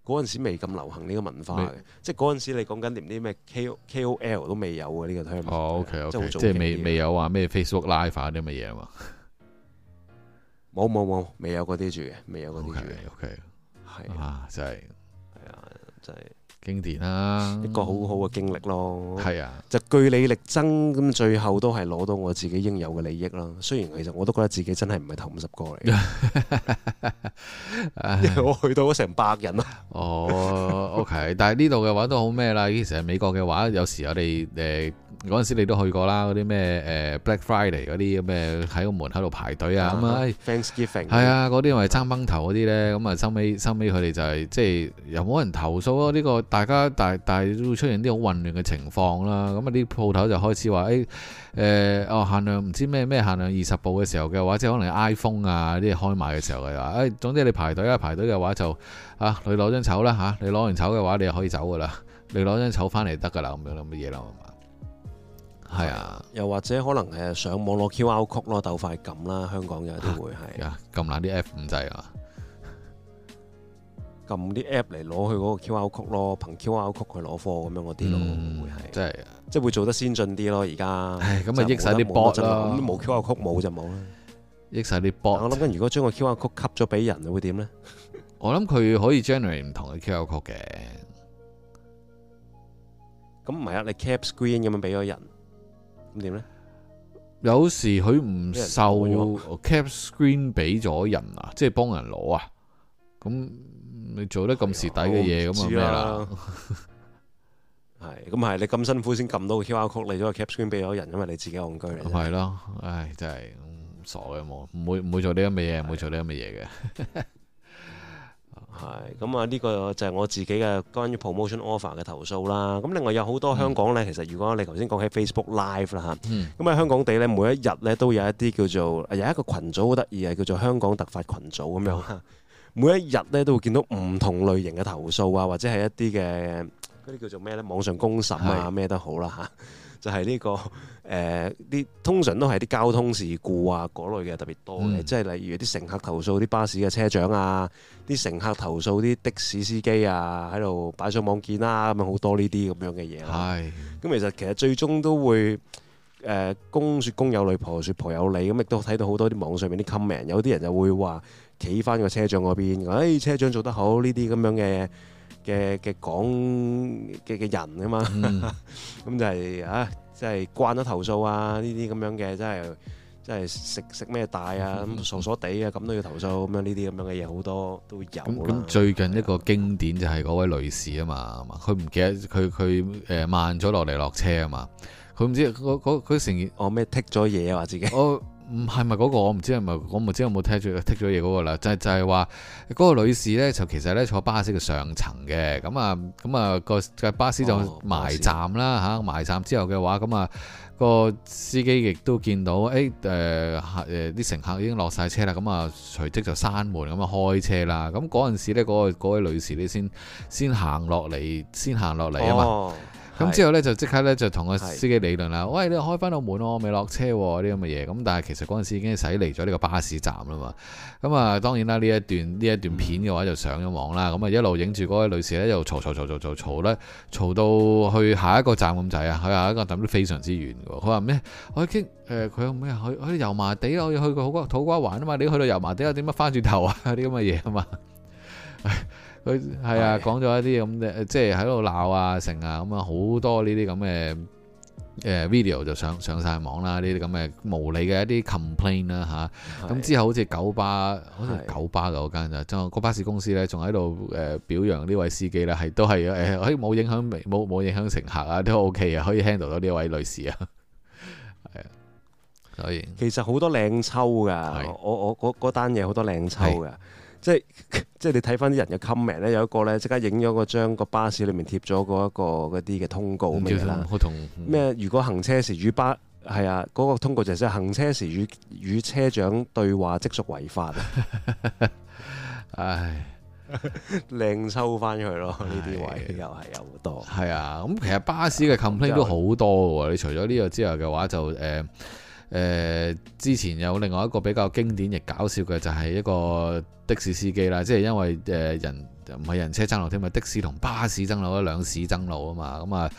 嗰陣時未咁流行呢個文化嘅，即係嗰陣時你講緊啲咩 K KOL 都未有嘅呢個 term。哦，OK OK，即係未未有話咩 Facebook Live 嗰啲咁嘅嘢嘛。冇冇冇，未有嗰啲住嘅，未有嗰啲住嘅。O K，係啊，真係，係啊，真係經典啦，一個好好嘅經歷咯。係啊，就據理力爭咁，最後都係攞到我自己應有嘅利益咯。雖然其實我都覺得自己真係唔係頭五十個嚟嘅， <laughs> 哎、呀因為我去到成百人咯。哦，O、okay, K， <laughs> 但係呢度嘅話都好咩啦？其實美國嘅話，有時我哋誒。嗰陣時，你都去過啦。嗰啲咩誒 Black Friday 嗰啲咁嘅喺個門口度排隊啊咁啊。Thanksgiving 係啊，嗰啲咪爭崩頭嗰啲咧。咁啊，收尾收尾佢哋就係即係又冇人投訴咯。呢個大家大大都會出現啲好混亂嘅情況啦。咁啊，啲鋪頭就開始話誒誒哦，限量唔知咩咩限量二十部嘅時候嘅話，即係可能 iPhone 啊啲開賣嘅時候，又話誒總之你排隊啊排隊嘅話就啊，你攞張籌啦嚇，你攞完籌嘅話，你就可以走噶啦。你攞張籌翻嚟得噶啦，咁樣咁嘅嘢啦。係啊，又或者可能誒上網絡 Q R Code 咯，鬥快撳啦，香港有啲會係撳爛啲 F 五掣啊，撳啲 App 嚟攞佢嗰個 Q R Code 咯，憑 Q R Code 去攞貨咁樣嗰啲咯，會係真係，即係會做得先進啲咯而家，咁咪益晒啲 bot 冇啦，咁冇 Q R Code 冇就冇啦，益晒啲波。我諗如果將個 Q R Code 吸咗俾人，會點咧？我諗佢可以 generate 唔同嘅 Q R Code 嘅，咁唔係啊？你 cap screen 咁樣俾咗人？咁點咧？有時佢唔受 cap screen 俾咗人啊， <laughs> 即係幫人攞啊。咁你做得咁蝕底嘅嘢，咁、哎、呦啊咩啦？係， <laughs> 咁係你咁辛苦先撳到個 QR Code，你都 cap screen 俾咗人，因為你自己戇居。咁係咯，唉，真係傻嘅，冇唔會唔會做呢啲咁嘅嘢，唔的會做呢啲咁嘅嘢嘅。 <laughs> 係咁啊！呢個就係我自己嘅關於 promotion offer 嘅投訴啦。咁另外有好多香港呢，嗯、其實如果你頭先講起 Facebook Live 啦嚇、嗯，咁喺香港地呢，嗯、每一日呢都有一啲叫做有一個群組好得意，係叫做香港特發群組咁樣。嗯、每一日呢都會見到唔同類型嘅投訴啊，或者係一啲嘅嗰啲叫做咩呢？網上公審啊，咩、嗯、都好啦、啊、嚇。是 <laughs> 就係呢、這個誒啲、呃、通常都係啲交通事故啊嗰類嘅特別多嘅，即係、嗯、例如啲乘客投訴啲巴士嘅車長啊，啲乘客投訴啲的，的士司機啊，喺度擺上網見啦、啊，咁好多呢啲咁樣嘅嘢、啊。係是，咁其實其實最終都會誒、呃、公説公有理，婆説婆有理，咁亦都睇到好多啲網上面啲 comment，有啲人就會話企翻個車長嗰邊，誒、哎、車長做得好呢啲咁樣嘅。嘅嘅講嘅嘅人啊嘛，咁、嗯、 <laughs> 就係、是、啊，即、就、係、是、慣咗投訴啊，呢啲咁樣嘅，即係即係食食咩大啊，咁傻傻地啊，咁都要投訴，咁樣呢啲咁樣嘅嘢好多都有啦。咁最近一個經典就係嗰位女士啊嘛，佢唔記得佢佢誒慢咗落嚟落車啊嘛，佢唔知嗰嗰佢成日話咩剔咗嘢話自己。 <laughs> <laughs> 唔係咪嗰個我唔知係咪，我唔知有冇聽住剔咗嘢嗰個啦，就係、係、就係話嗰個女士呢，就其實呢坐巴士嘅上層嘅，咁啊咁啊個巴士就埋站啦嚇、哦啊，埋站之後嘅話，咁啊個司機亦都見到誒誒誒啲乘客已經落晒車啦，咁啊隨即就閂門咁啊開車啦，咁嗰陣時呢嗰位女士呢，先先行落嚟，先行落嚟啊嘛。咁之後呢，就即刻呢，就同個司機理論啦，是的 喂，你開翻到門我未落車喎啲咁嘅嘢，咁但係其實嗰陣時已經駛離咗呢個巴士站啦嘛。咁啊當然啦，呢一段呢一段片嘅話就上咗網啦。咁啊一路影住嗰位女士呢，又嘈嘈嘈嘈嘈嘈咧，嘈到去下一個站咁滯啊！佢下一個站都非常之遠嘅。佢話咩？我已經誒佢咩去去油麻地啊？我要去個好瓜土瓜灣啊嘛！你去到油麻地又點乜翻轉頭啊？啲咁嘅嘢啊嘛～ <laughs> 佢係啊，講咗一啲咁嘅，即係喺度鬧啊，成啊，咁啊，好多呢啲咁嘅誒 video 就上上曬網啦，呢啲咁嘅無理嘅一啲 complaint 啦、啊、嚇。咁是之後好似九巴，是好似九巴嗰間就，個巴士公司咧仲喺度誒表揚呢位司機啦，係都係誒可以冇影響，冇冇影響乘客啊，都 OK 啊，可以 handle 到呢位女士啊。係啊，所以其實好多靚抽噶，我我嗰嗰單嘢好多靚抽噶。即係你睇翻啲人嘅 comment 咧，有一個咧即刻影咗個張個巴士裏面貼咗嗰一個嗰啲嘅通告咁嘅咩？如果行車時與巴係啊嗰、那個通告就即係行車時與與車長對話即屬違法。 <laughs> 唉，靚抽翻佢咯呢啲位又係有好多係啊。咁、啊、其實巴士嘅 complain 都好多噶。就你除咗呢個之外嘅話就誒誒、呃呃，之前有另外一個比較經典亦搞笑嘅就係、是、一個。的士司機啦，即係因為誒人唔係人車爭路添啊，的士同巴士爭路，兩士爭路啊嘛。咁、嗯、啊、呢、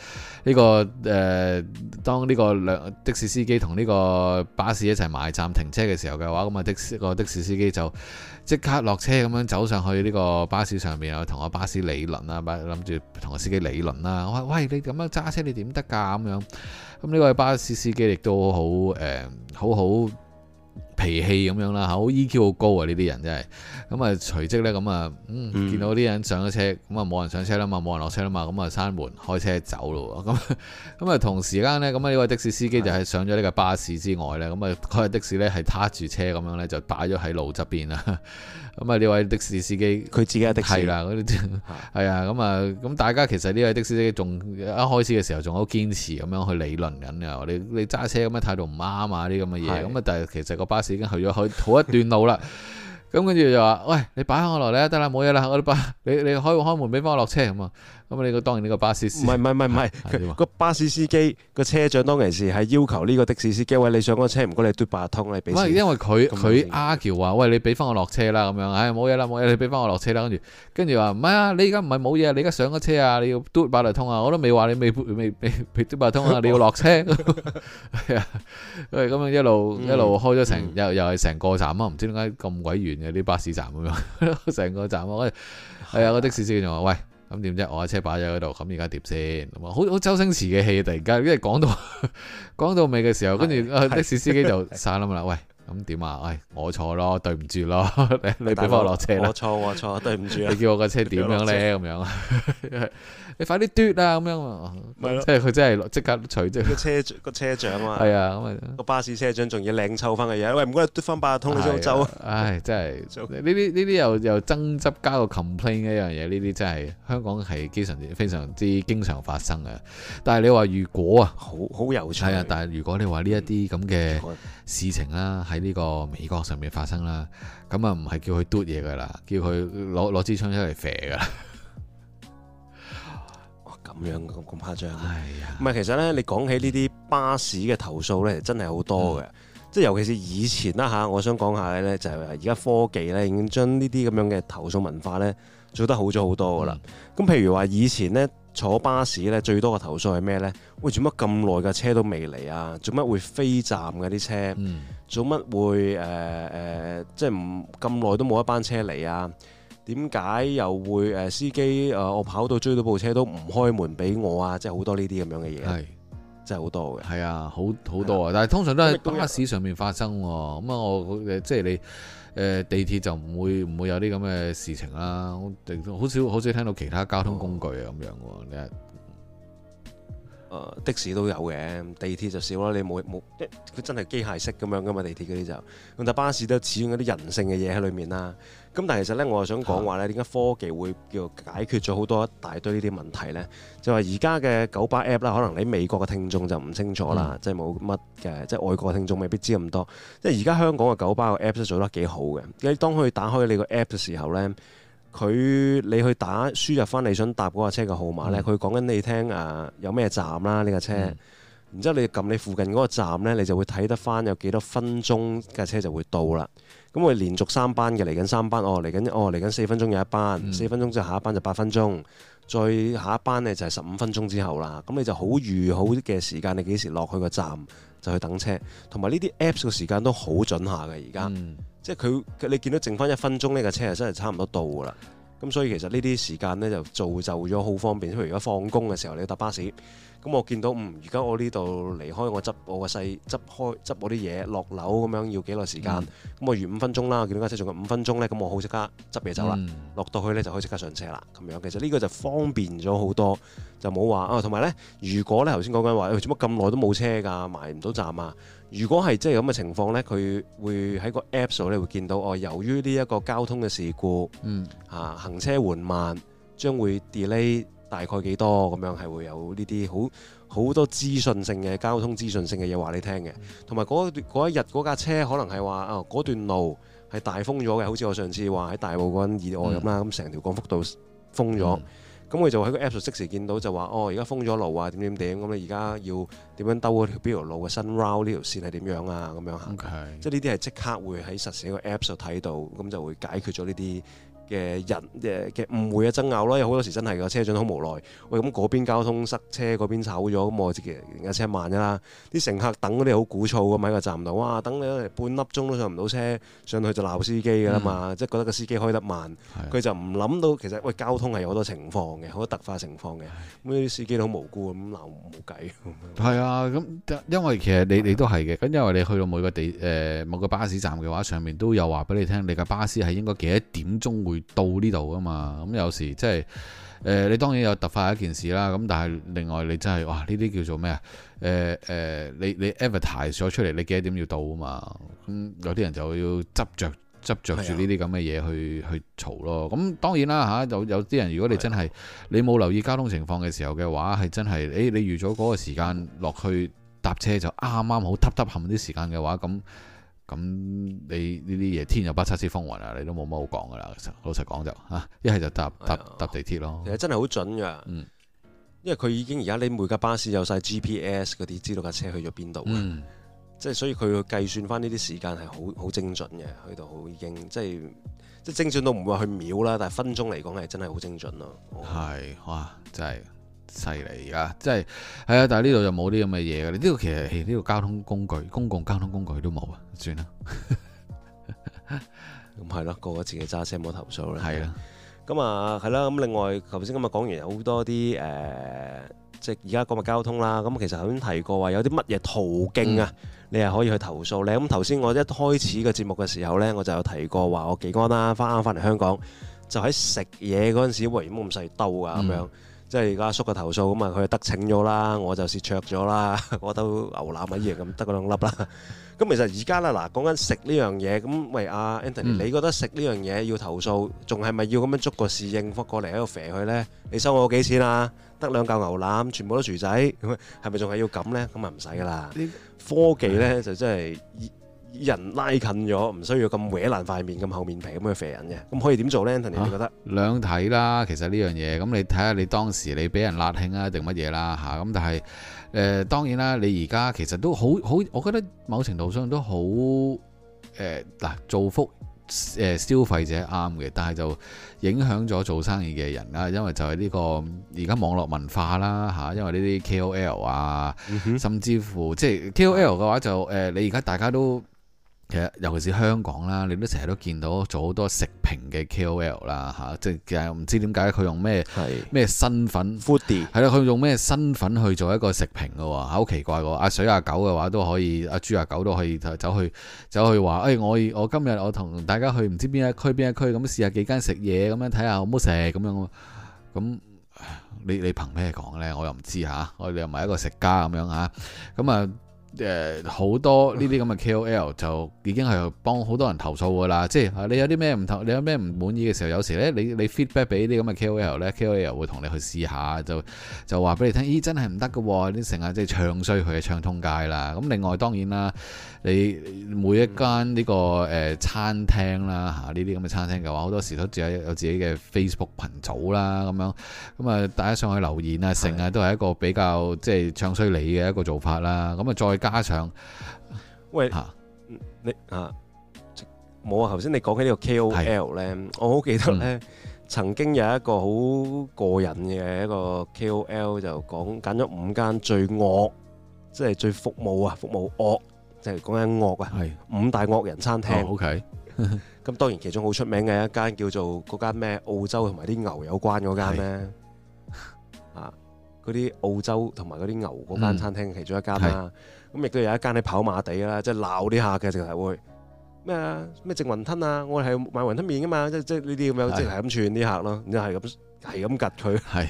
這個誒、呃、當呢個兩的士司機同呢個巴士一齊埋站停車嘅時候嘅話，咁啊的士個的士司機就即刻落車咁樣走上去呢個巴士上面，啊，同、嗯這個巴士理論啊，諗住同個司機理論啦。我話喂，你咁樣揸車你點得㗎？咁樣咁呢位巴士司機亦都好誒，好好。好脾氣咁樣啦嚇，EQ 好高啊，呢啲人真係，咁啊隨即呢。咁啊，嗯，嗯見到啲人上咗車，咁啊冇人上車啦嘛，冇人落車啦嘛，咁啊閂門開車走咯，咁咁啊同時間呢，咁啊呢位的士司機就係上咗呢個巴士之外呢。咁啊嗰個的士呢，係撻住車咁樣呢，就擺咗喺路側邊啦。 <laughs> 咁啊！呢位的士司機，佢自己係的士啦，嗰啲係啊。咁啊， <laughs> 咁大家其實呢位的士司機仲一開始嘅時候仲好堅持咁樣去理論緊嘅，你你揸車咁嘅態度唔啱啊啲咁嘅嘢。咁啊的，但係其實個巴士已經去咗去好一段路啦。咁跟住就話：喂，你擺下我落嚟啊！得啦，冇嘢啦，我啲巴，你你開開門俾翻我落車咁啊！咁你個當然呢個巴士司，唔係唔係唔係，個巴士司機個車長當其時係要求呢個的士司機，喂，你想嗰車，唔該你嘟八達通，你俾錢。唔係因為佢佢阿喬話喂，你俾翻我落車啦咁樣，唉冇嘢啦冇嘢，你俾翻我落車啦。跟住跟住話唔係啊，你而家唔係冇嘢啊，你而家上咗車啊，你要嘟八達通啊，我都未話你未未嘟八達通啊，你要落車。係啊，喂，咁樣一路一路開咗成又又係成個站啊，唔知點解咁鬼遠嘅啲巴士站咁樣，成個站啊。跟住係啊個的士司機就話喂。咁點啫？我架車擺咗喺度，咁而家點先？好，好周星馳嘅戲突然間，因為講到講 <laughs> 到尾嘅時候，跟住的士司機就散啦嘛，的喂！咁點啊？誒，我錯咯，對唔住咯，你俾翻我落車啦。我錯，我錯，對唔住啊！你叫我個車點樣咧？咁樣，你快啲嘟啊！咁樣啊，係咯。即係佢真係即刻取即個車個車長啊！係啊，個巴士車長仲要領抽翻嘅嘢。喂，唔該，嘟翻八達通走啊！唉，真係呢啲呢啲又又爭執加個 complain 一樣嘢，呢啲真係香港係非常之非常之經常發生嘅。但係你話如果啊，好好有趣係啊！但係如果你話呢一啲咁嘅事情啦，呢個美國上面發生啦，咁啊唔係叫佢嘟嘢噶啦，叫佢攞攞支槍出嚟肥噶啦。 <laughs> 哇，咁樣咁咁誇張？係啊，唔係、哎、呀其實咧，你講起呢啲巴士嘅投訴咧，真係好多嘅，即係、嗯、尤其是以前啦吓。我想講下咧，就係而家科技咧，已經將呢啲咁樣嘅投訴文化咧，做得好咗好多噶啦。咁、嗯、譬如話以前咧。坐巴士咧最多嘅投訴係咩咧？喂，做乜咁耐嘅車都未嚟啊？做乜會飛站㗎啲車？做乜、嗯、會誒誒、呃呃，即係唔咁耐都冇一班車嚟啊？點解又會誒、呃、司機誒、呃、我跑到追到部車都唔開門俾我啊？即係好多呢啲咁樣嘅嘢，係是真係好多嘅。係啊，好好多啊，但係通常都喺巴士上面發生咁啊，有我即係你。誒地鐵就唔會唔會有啲咁嘅事情啦，我好少好少聽到其他交通工具、嗯、是啊咁樣喎，你誒的士都有嘅，地鐵就少啦，你冇冇，佢、欸、真係機械式咁樣噶嘛地鐵嗰啲就，咁但巴士都始終有啲人性嘅嘢喺裏面啦。咁但係其實咧，我就想講話咧，點解科技會叫解決咗好多一大堆呢啲問題呢？就話而家嘅九巴 app 啦，可能你美國嘅聽眾就唔清楚啦、嗯，即係冇乜嘅，即係外國嘅聽眾未必知咁多。即係而家香港嘅九巴個 app 都做得幾好嘅。你當佢打開你個 app 嘅時候呢，佢你去打輸入翻你想搭嗰個車嘅號碼呢，佢講緊你聽啊、這個、有咩站啦呢架車，然之後你撳你附近嗰個站呢，你就會睇得翻有幾多分鐘架車就會到啦。咁我哋連續三班嘅，嚟緊三班哦，嚟緊哦嚟緊四分鐘有一班，嗯、四分鐘之後下一班就八分鐘，再下一班呢就係十五分鐘之後啦。咁你就好預好嘅時間，你幾時落去個站就去等車，同埋呢啲 Apps 嘅時間都好準下㗎。而家、嗯、即係佢，你見到剩翻一分鐘呢、架車係，真係差唔多到噶啦。咁所以其實呢啲時間呢，就造就咗好方便。譬如果放工嘅時候，你搭巴士。咁我見到，嗯，而家我呢度離開，我執我個細執開執我啲嘢落樓咁樣要幾耐時間？咁、嗯、我預五分鐘啦，見到架車仲有五分鐘咧，咁我好即刻執嘢走啦，嗯、落到去咧就可以即刻上，上車啦。咁樣其實呢個就方便咗好多，就冇話啊。同埋咧，如果咧頭先講緊話，做乜咁耐都冇車噶，埋唔到站啊？如果係即係咁嘅情況咧，佢會喺個 Apps 度咧會見到哦，由於呢一個交通嘅事故，嗯啊，行車緩慢，將會 delay。大概幾多，咁樣係會有呢啲好好多資訊性嘅交通資訊性嘅嘢話你聽嘅，同埋嗰一日嗰架車可能係話啊，嗰段路係大封咗嘅。好似我上次話喺大埔嗰陣意外咁啦，咁成、嗯、條廣福道封咗，咁佢、嗯、就喺個 App 即時見到就話哦，而家封咗路啊，點點點咁，你而家要點樣兜嗰條邊條路嘅新 round 呢條線係點樣啊？咁樣嚇，Okay. 即係呢啲係即刻會喺實時個 App 睇到，咁就會解決咗呢啲。嘅人嘅嘅誤會嘅爭拗咯，有好多時真係嘅車長好無奈，喂咁嗰邊交通塞車，嗰邊、邊炒咗，咁我自己架車慢㗎啦，啲乘客等嗰啲好鼓噪咁喺個站度，哇等你半粒鐘都上唔到車，上去就鬧司機㗎啦嘛，嗯、即係覺得個司機開得慢，佢的就唔諗到其實喂交通係有好多情況嘅，好多突發情況嘅，咁啲的司機都好無辜咁鬧冇計。係啊，咁因為其實你你都係嘅，咁因為你去到每個地誒某、呃、個巴士站嘅話，上面都有話俾你聽，你架巴士係應該幾多點鐘會。到呢度啊嘛，咁、嗯、有時即係，誒、呃、你當然有突發一件事啦，咁但係另外你真係哇呢啲叫做咩啊？誒、呃、誒、呃，你你 advertise 咗出嚟，你幾點要到啊嘛？咁、嗯、有啲人就要執着、執着住呢啲咁嘅嘢去的去嘈咯。咁、嗯、當然啦嚇、啊，有有啲人如果你真係的你冇留意交通情況嘅時候嘅話，係真係誒、欸、你預咗嗰個時間落去搭車就啱啱好揼揼下啲時間嘅話咁。咁你呢啲嘢天有不測之風雲啊！你都冇乜好講噶啦，老實講、啊、就吓，一係就搭搭搭地鐵咯。其實真係好準噶，嗯、因為佢已經而家你每架巴士有晒 GPS 嗰啲，知道架車去咗邊度，即係所以佢計算翻呢啲時間係好好精準嘅，去到好已經，即係即係精準到唔會去秒啦，但係分鐘嚟講係真係好精準咯。係、嗯、哇，真係。犀利啊！真係係啊，但係呢度就冇啲咁嘅嘢嘅。呢度其實係呢個交通工具，公共交通工具都冇啊。算啦，咁係咯，個個自己揸車冇投訴啦。係、嗯、啦，咁啊係啦。咁另外頭先今日講完好多啲誒，即係而家國外交通啦。咁其實頭先提過話有啲乜嘢途徑啊，你係可以去投訴咧。咁頭先我一開始嘅節目嘅時候咧，我就有提過話我幾安啦，翻啱翻嚟香港就喺食嘢嗰陣時，喂，點解咁細兜啊咁樣？即係而家阿叔嘅投訴咁啊，佢就得逞咗啦，我就蝕灼咗啦，嗰兜牛腩咪一樣咁得嗰兩粒啦。咁其實而家咧嗱，講緊食呢樣嘢咁，喂啊 Anthony，你覺得食呢樣嘢要投訴，仲係咪要咁樣捉個侍應覆過嚟喺度啡佢咧？你收我幾錢啊？得兩嚿牛腩，全部都薯仔，係咪仲係要咁咧？咁咪唔使噶啦。科技咧就真係。人拉近咗，唔需要咁搲爛塊面咁厚面皮咁去肥人嘅，咁可以點做呢？屯爺、啊、你覺得兩睇啦，其實呢樣嘢咁你睇下你當時你俾人辣㷫啊定乜嘢啦嚇咁，但係誒、呃、當然啦，你而家其實都好好，我覺得某程度上都好誒嗱，造福誒消費者啱嘅，但係就影響咗做生意嘅人啊，因為就係呢個而家網絡文化啦嚇，因為呢啲 KOL 啊，嗯、哼甚至乎即係 KOL 嘅話就誒、呃，你而家大家都其實尤其是香港啦，你都成日都見到做好多食評嘅 KOL 啦、啊，嚇，即係唔知點解佢用咩咩是身份，係啦 Foodie、啊，佢用咩身份去做一個食評嘅喎，好奇怪喎！阿、啊、水阿、啊、狗嘅話都可以，阿豬阿狗都可以走去走去話，誒、哎，我我今日我同大家去唔知邊一區邊一區咁試下幾間食嘢，咁樣睇下好唔好食咁樣，咁你你憑咩講呢？我又唔知嚇，我哋又唔係一個食家咁樣嚇，咁啊～誒好、呃、多呢啲咁嘅 KOL 就已經係幫好多人投訴㗎啦，即係你有啲咩唔投，你有咩唔滿意嘅時候，有時呢，你你 feedback 俾啲咁嘅 KOL 呢 KOL 會同你去試下，就就話俾你聽，咦、欸、真係唔得㗎，你成日即係唱衰佢嘅唱通街啦。咁、嗯、另外當然啦。你每一間呢個誒餐廳啦，嚇呢啲咁嘅餐廳嘅話，好多時都只係有自己嘅 Facebook 羣組啦，咁樣咁啊，大家上去留言啊、成日，都係一個比較即係唱衰你嘅一個做法啦。咁啊，再加上喂嚇，你啊冇啊，頭先你講起呢個 KOL 咧，我好記得咧，曾經有一個好過癮嘅一個 KOL 就講揀咗五間最惡，即係最服務啊，服務惡。就係講緊惡啊，五大惡人餐廳。O K。咁當然其中好出名嘅一間叫做嗰間咩澳洲同埋啲牛有關嗰間咧，啊嗰啲澳洲同埋嗰啲牛嗰間餐廳其中一家一間啦。咁亦都有一間喺跑馬地啦，即係鬧啲客嘅直頭會咩啊咩淨雲吞啊，我哋係買雲吞麵噶嘛，即即呢啲咁樣直頭咁串啲客咯，然之後係咁係咁趌佢，係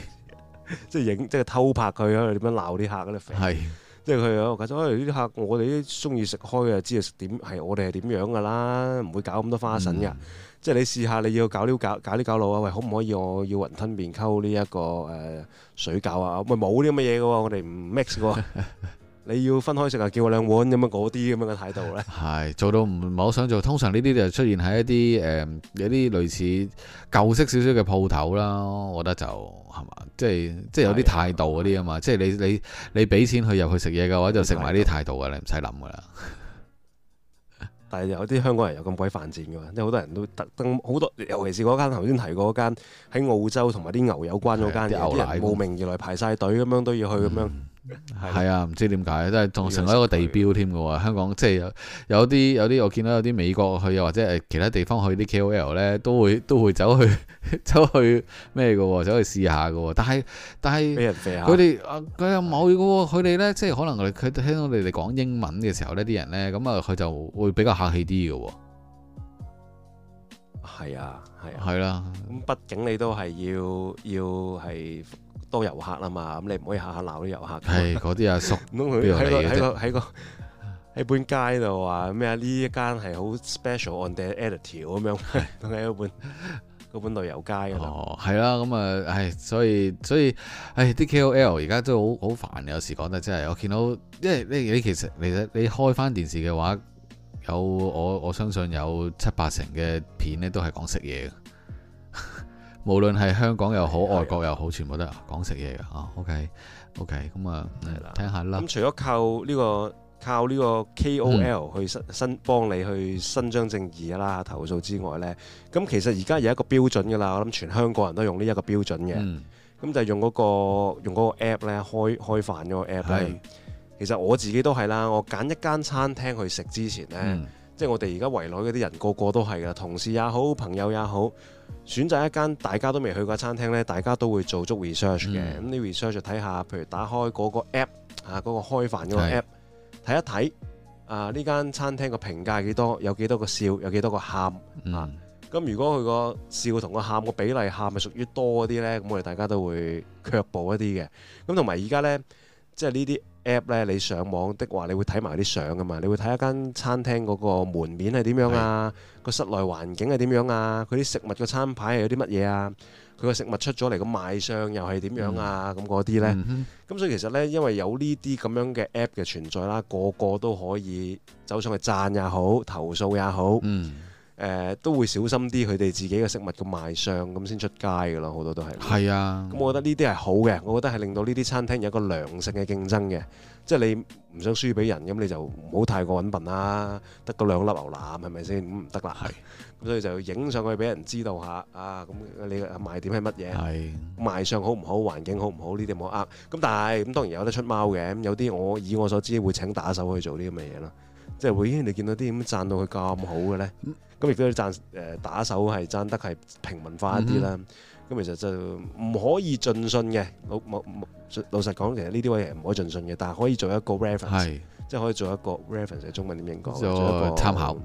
即係影即係偷拍佢啊，點樣鬧啲客嗰啲。係。即係佢有個計數，哎！呢啲客我哋啲中意食開嘅，知道點係我哋係點樣㗎啦，唔會搞咁多花臣㗎。嗯、即係你試下，你要搞呢搞搞呢搞路啊？喂，可唔可以我要雲吞麵溝呢一個誒、呃、水餃啊？喂，冇啲咁嘅嘢嘅喎，我哋唔 mix 嘅喎。 <laughs> 你要分開食啊，叫我兩碗咁樣嗰啲咁樣嘅態度咧，係做到唔係好想做。通常呢啲就出現喺一啲誒、呃、有啲類似舊式少少嘅鋪頭啦。我覺得就係嘛，即係即係有啲態度嗰啲啊嘛。的即係你你你俾錢去入去食嘢嘅話，就食埋啲態度嘅度你唔使諗噶啦。但係有啲香港人有咁鬼犯賤嘅嘛，即係好多人都特登好多，尤其是嗰間頭先提過嗰間喺澳洲同埋啲牛有關嗰間，啲的奶人慕名而來排晒隊咁樣都要去咁樣。嗯係啊，唔知點解，都係仲成為一個地標添嘅喎。香港即係有有啲有啲，我見到有啲美國去，又或者係其他地方去啲 KOL 咧，都會都會走去走去咩嘅，走去試下嘅。但係但係，佢哋佢又冇嘅。佢哋咧，即係可能佢佢聽到你哋講英文嘅時候呢啲人咧咁啊，佢就會比較客氣啲嘅。係啊係啊係啦，咁畢竟你都係要要係。多遊客啦嘛，咁你唔可以下下鬧啲遊客。係嗰啲阿叔，喺 <laughs> 個喺 <laughs> 個喺個半街度、 <laughs> 哦、啊，咩、嗯、啊？呢一間係好 special on the editorial 咁樣，喺嗰本嗰本旅遊街。哦，係啦，咁啊，唉，所以所以唉啲 KOL 而家都好好煩，有時講得真係，就是、我見到，因為你你其實你你開翻電視嘅話，有我我相信有七八成嘅片咧都係講食嘢嘅。無論係香港又好，的外國又好，全部都講食嘢噶，o k o k 咁啊，okay, okay, 聽下啦。咁除咗靠呢、呢個靠呢個 KOL、嗯、去伸伸幫你去伸張正義啦、投訴之外呢，咁其實而家有一個標準噶啦，我諗全香港人都用呢一個標準嘅，咁、嗯、就用嗰、嗰個用個 app 呢，開開飯嗰個 app。的其實我自己都係啦，我揀一間餐廳去食之前呢，嗯、即係我哋而家圍內嗰啲人個個都係噶，同事也好，朋友也好。選擇一間大家都未去過餐廳呢，大家都會做足 research 嘅。咁啲 research 睇下，譬如打開嗰個 app 啊，嗰個開飯嗰個 app，睇是一睇啊呢間餐廳個評價幾多，有幾多個笑，有幾多個喊啊。咁、嗯、如果佢個笑同個喊個比例，喊係屬於多啲呢，咁我哋大家都會卻步一啲嘅。咁同埋而家呢，即係呢啲。App 咧，你上網的話，你會睇埋啲相㗎嘛？你會睇一間餐廳嗰個門面係點樣啊？個的室內環境係點樣啊？佢啲食物嘅餐牌係有啲乜嘢啊？佢個食物出咗嚟個賣相又係點樣啊？咁嗰啲呢？咁、嗯、哼所以其實呢，因為有呢啲咁樣嘅 App 嘅存在啦，個個都可以走上去讚也好，投訴也好。嗯誒都會小心啲佢哋自己嘅食物嘅賣相咁先出街㗎咯，好多都係。係啊，咁我覺得呢啲係好嘅，我覺得係令到呢啲餐廳有一個良性嘅競爭嘅，即係你唔想輸俾人，咁你就唔好太過揾笨啦，得個兩粒牛腩係咪先？咁唔得啦，係，咁所以就要影上去俾人知道下，啊，咁你賣點係乜嘢？係賣相好唔好，環境好唔好？呢啲冇呃，咁但係咁當然有得出貓嘅，咁有啲我以我所知會請打手去做呢啲咁嘅嘢咯，即係會，你見到啲咁贊到佢咁好嘅咧。咁亦都要讚誒打手係讚得係平民化一啲啦。咁、嗯、哼其實就唔可以盡信嘅。老老老老實講，其實呢啲位係唔可以盡信嘅，但係可以做一個 reference，是即係可以做一個 reference。中文點應講？做一個參考，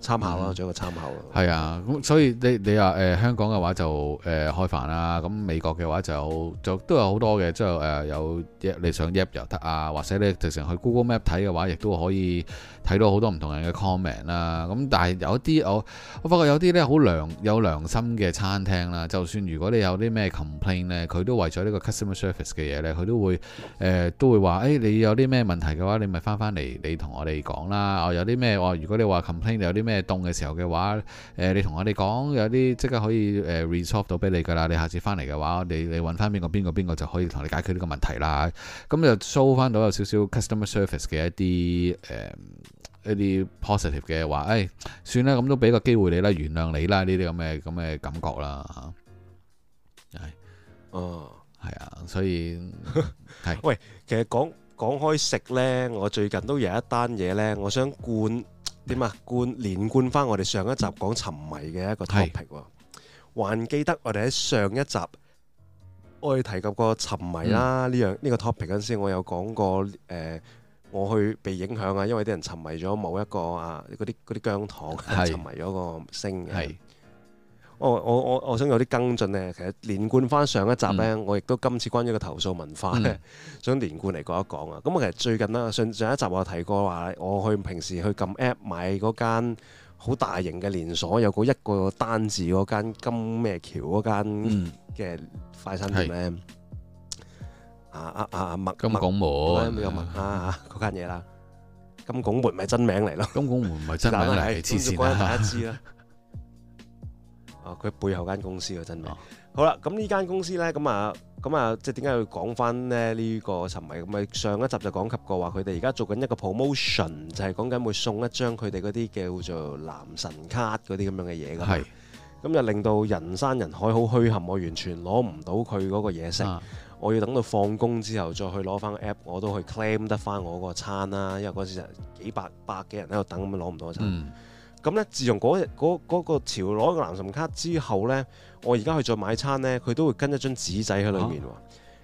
參考咯，做一個參考。係啊，咁所以你你話誒香港嘅話就誒、呃、開飯啦。咁美國嘅話就就都、是呃、有好多嘅，即係誒有約你想約又得啊。或者你直程去 Google Map 睇嘅話，亦都可以。睇到好多唔同人嘅 comment 啦，咁但係有啲我我發覺有啲呢，好良有良心嘅餐廳啦，就算如果你有啲咩 complain 咧，佢都為咗呢個 customer service 嘅嘢咧，佢都會誒、呃、都會話誒、哎、你有啲咩問題嘅話，你咪翻翻嚟你同我哋講啦。哦，有啲咩哦，如果你話 complain 有啲咩凍嘅時候嘅話，誒、呃、你同我哋講有啲即刻可以誒 resolve 到俾你噶啦。你下次翻嚟嘅話，我你揾翻邊個邊個邊個就可以同你解決呢個問題啦。咁、嗯嗯、就 show 翻到有少少 customer service 嘅一啲誒。呃一啲 positive 嘅話，誒，算啦，咁都俾個機會你啦，原諒你啦，呢啲咁嘅咁嘅感覺啦，吓，係，哦，係啊，所以係，喂，其實講講開食呢，我最近都有一單嘢呢，我想灌，點啊，灌，連灌翻我哋上一集講沉迷嘅一個 topic，還記得我哋喺上一集，我哋提及過沉迷啦，呢樣呢個 topic 嗰陣時，我有講過誒。我去被影響啊，因為啲人沉迷咗某一個啊，嗰啲啲薑糖，姜是沉迷咗個星。是我我我我想有啲跟進咧，其實連貫翻上一集咧，嗯、我亦都今次關於個投訴文化咧，嗯、想連貫嚟講一講啊。咁啊，其實最近咧，上上一集我提過話，我去平時去撳 App 買嗰間好大型嘅連鎖，有個一個單字嗰間金咩橋嗰間嘅快餐店咧。嗯嗯啊啊啊！墨金拱門，嗰間又問啊，嗰間嘢啦，金拱門咪真名嚟咯，金拱門咪真名嚟，黐線啊！大家知啦，啊，佢背後間公司嘅真名。好啦，咁呢間公司咧，咁、哦、啊，咁啊，即係點解要講翻咧呢個陳迷？咁啊，上一集就講及過話，佢哋而家做緊一個 promotion，就係講緊會送一張佢哋嗰啲叫做男神卡嗰啲咁樣嘅嘢噶嘛。係是，咁就、嗯嗯、令到人山人海憾，好墟冚我，完全攞唔到佢嗰個嘢食。嗯我要等到放工之後再去攞翻個 app，我都去 claim 得翻我嗰個餐啦。因為嗰時就幾百百幾人喺度等，攞唔到餐。咁呢、嗯，自從嗰日嗰個潮攞個男神卡之後呢，我而家去再買餐呢，佢都會跟一張紙仔喺裏面喎。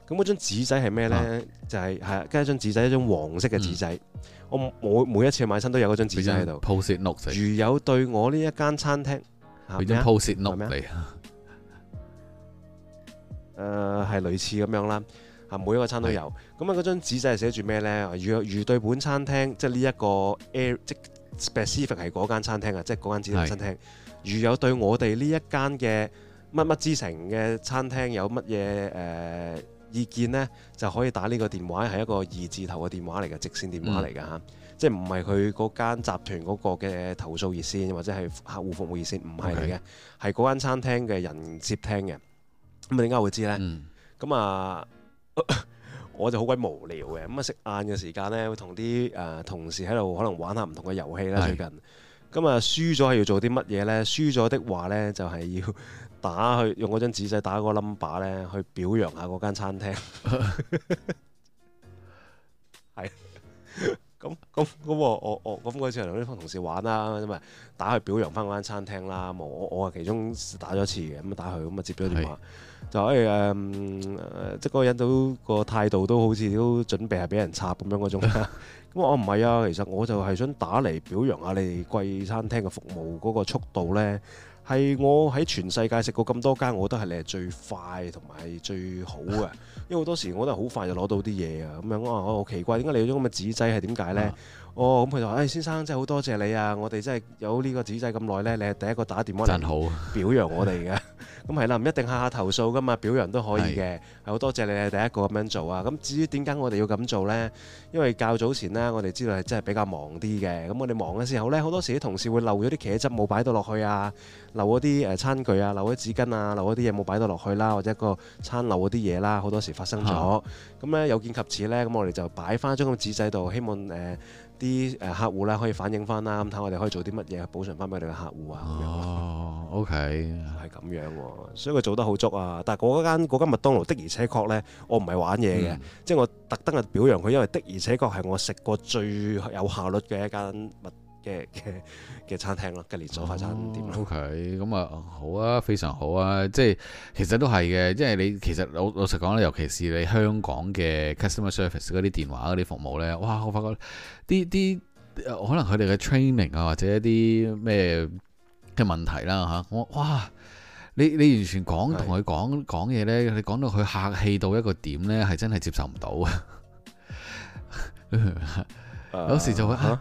咁嗰、啊、張紙仔係咩呢？啊、就係係跟一張紙仔，一張黃色嘅紙仔、嗯我。我每每一次買餐都有嗰張紙仔喺度。post-it note 如有對我呢一間餐廳，係張 post-it note 嚟。嗎誒係、呃、類似咁樣啦，嚇每一個餐都有。咁啊的，嗰張紙仔係寫住咩呢？如有對本餐廳，即係呢一個 air 即是 specific 係嗰間餐廳啊，即係嗰間餐廳。如有對我哋呢一間嘅乜乜之城嘅餐廳有乜嘢誒意見呢，就可以打呢個電話，係一個二字頭嘅電話嚟嘅，直線電話嚟嘅嚇。嗯、即係唔係佢嗰間集團嗰個嘅投訴熱線或者係客戶服務熱線，唔係嚟嘅，係嗰的間餐廳嘅人接聽嘅。咁啊，點解我會知呢？咁啊、嗯，嗯、 <laughs> 我就好鬼無聊嘅。咁、嗯、啊，食晏嘅時間呢，會同啲誒同事喺度可能玩下唔同嘅遊戲啦。是最近，咁、嗯、啊，輸咗係要做啲乜嘢呢？輸咗的話呢，就係、是、要打去用嗰張紙仔打嗰個 number 呢，去表揚下嗰間餐廳。係。 <laughs> <laughs> <laughs> 咁咁咁我我我咁嗰次同啲同事玩啦，咁咪打去表揚翻嗰間餐廳啦。我我我係其中打咗一次嘅，咁打佢咁，啊接咗電話，是就誒誒、嗯，即係嗰個人都個態度都好似都準備係俾人插咁樣嗰種。咁我唔係啊，其實我就係想打嚟表揚下你哋貴餐廳嘅服務嗰個速度咧。係我喺全世界食過咁多間，我覺得係你係最快同埋最好嘅。因為好多時我都係好快就攞到啲嘢啊。咁樣我話我好奇怪，點解你用咁嘅紙劑係點解呢？啊哦，咁佢就話誒先生，真係好多謝你啊！我哋真係有呢個紙仔咁耐咧，你係第一個打電話嚟，真好，表揚我哋嘅。咁係啦，唔一定下下投訴噶嘛，表揚都可以嘅。係好多謝你係第一個咁樣做啊！咁至於點解我哋要咁做咧？因為較早前咧，我哋知道係真係比較忙啲嘅。咁我哋忙嘅時候咧，好多時啲同事會漏咗啲茄汁冇擺到落去啊，漏咗啲誒餐具啊，漏咗啲紙巾啊，漏咗啲嘢冇擺到落去啦，或者個餐漏咗啲嘢啦，好多時發生咗。咁咧有見及此咧，咁我哋就擺翻張咁嘅紙仔度，希望誒，啲誒客戶咧可以反映翻啦，咁睇我哋可以做啲乜嘢補償翻俾你嘅客戶啊。哦樣，OK，係咁樣。所以佢做得好足啊。但係嗰間嗰間麥當勞的而且確咧，mm hmm. 我唔係玩嘢嘅，即係我特登係表揚佢，因為的而且確係我食過最有效率嘅一間麥。嘅嘅嘅餐廳咯，嘅連鎖快餐店？O K，咁啊，好啊，非常好啊！即係其實都係嘅，因為你其實老老實講咧，尤其是你香港嘅 customer service 嗰啲電話嗰啲服務咧，哇！我發覺啲啲可能佢哋嘅 training 啊，或者一啲咩嘅問題啦、啊、嚇，我哇！你你完全講同佢講講嘢咧，你講到佢客氣到一個點咧，係真係接受唔到啊！ <laughs> 有時就會。Uh,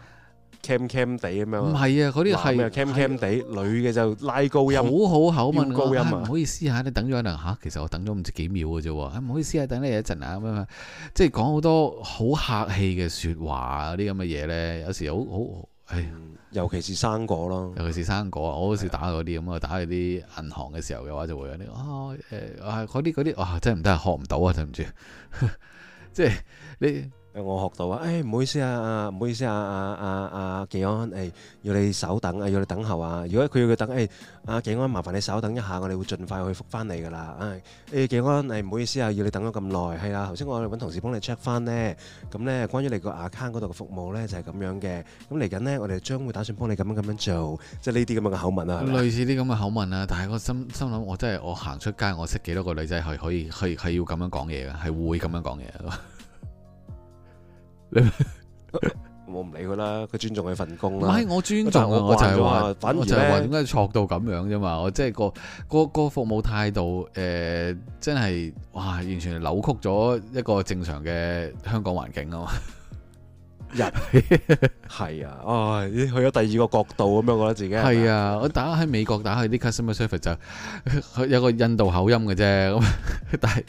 cam cam 地咁樣，唔係啊，嗰啲係 cam cam 地，的女嘅就拉高音，好好口吻高音啊！唔、哎、好意思下你等咗一陣嚇，其實我等咗唔知幾秒嘅啫，唔好意思嚇，等你一陣啊咁樣，即係講好多好客氣嘅説話啊啲咁嘅嘢咧，有時好好尤其是生果咯，尤其是生果啊！我好似打嗰啲咁啊，打去啲銀行嘅時候嘅話就會有啲啊，嗰啲嗰啲，哇真係唔得啊，學唔到啊，對唔住。住 <laughs> 即係你。誒我學到啊！誒、哎、唔好意思啊啊唔好意思啊啊啊啊！記、啊啊、安誒、哎，要你稍等啊，要你等候啊。如果佢要佢等誒、哎，啊記安，麻煩你稍等一下，我哋會盡快去復翻你噶啦。誒、哎、誒，安誒，唔、哎、好意思啊，要你等咗咁耐，係啊。頭先我揾同事幫你 check 翻咧，咁、嗯、咧關於你個 account 嗰度嘅服務呢，就係、是、咁樣嘅。咁嚟緊呢，我哋將會打算幫你咁樣咁樣做，即係呢啲咁樣嘅口吻啊。類似啲咁嘅口吻啊， <laughs> 但係我心心諗，我真係我行出街，我識幾多個女仔係可以，係係要咁樣講嘢嘅，係會咁樣講嘢。 <laughs> <laughs> 我唔理佢啦，佢尊重佢份工。唔係我尊重啊，我就係、是、話，反而咧，點解錯到咁樣啫嘛？我即係個個服務態度誒、呃，真係哇，完全扭曲咗一個正常嘅香港環境啊嘛。係係、嗯、 <laughs> 啊，哦、哎，去咗第二個角度咁樣，我覺得自己係啊。啊 <laughs> 我打喺美國打去啲 customer service 就有個印度口音嘅啫，咁但係。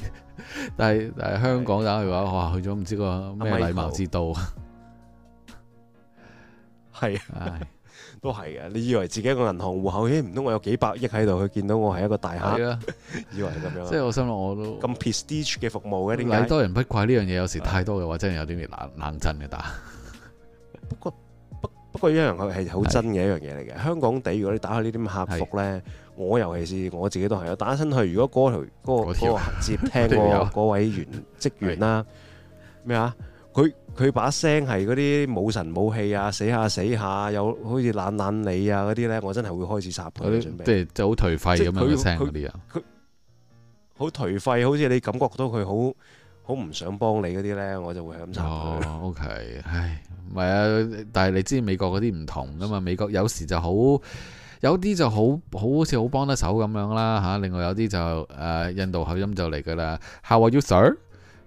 但係但係香港打去話，哇，去咗唔知個咩禮貌之道，係啊，都係嘅。你以為自己一個銀行戶口，咦？唔通我有幾百億喺度？佢見到我係一個大客，以為咁樣。即係我心諗我都咁 prestige 嘅服務嘅，點解？禮多人不怪呢樣嘢，有時太多嘅話，真係有啲冷冷震嘅。打不過不不過一樣嘢係好真嘅一樣嘢嚟嘅。香港地如果你打開呢啲客服咧，我尤其是我自己都係，啊。打親佢。如果嗰、嗰個嗰個、條嗰個接聽嗰 <laughs> 有位員職員啦，咩啊是？佢佢把聲係嗰啲冇神冇氣啊，死下死下，有好似懶懶你啊嗰啲咧，我真係會開始插佢，嗰個、即係就好頹廢咁樣嘅聲嗰啲啊！佢好頹廢，好似你感覺到佢好好唔想幫你嗰啲咧，我就會係咁插。哦，O、okay. K，唉，唔係啊，但係你知美國嗰啲唔同㗎嘛？美國有時就好。有啲就好，好似好幫得手咁樣啦嚇。另外有啲就誒、啊、印度口音就嚟噶啦。How are you, sir?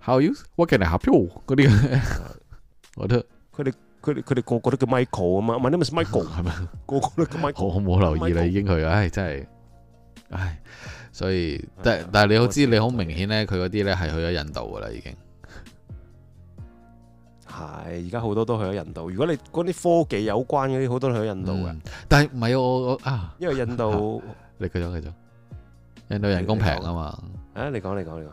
How are you? What can I help you? 嗰 <laughs> 啲我都佢哋佢哋佢哋個個都叫 Michael 啊嘛。My name is Michael 係咪？個個都叫 Michael。 <laughs> <laughs> 我冇留意啦，已經去啦。唉，真係唉，所以但但係你好知，你好明顯咧，佢嗰啲咧係去咗印度噶啦已經。係，而家好多都去咗印度。如果你嗰啲科技有關嗰啲，好多去咗印度嘅、嗯。但係唔係我，我，我啊，因為印度，你繼續繼續。印度人工平啊嘛，啊你講你講你講，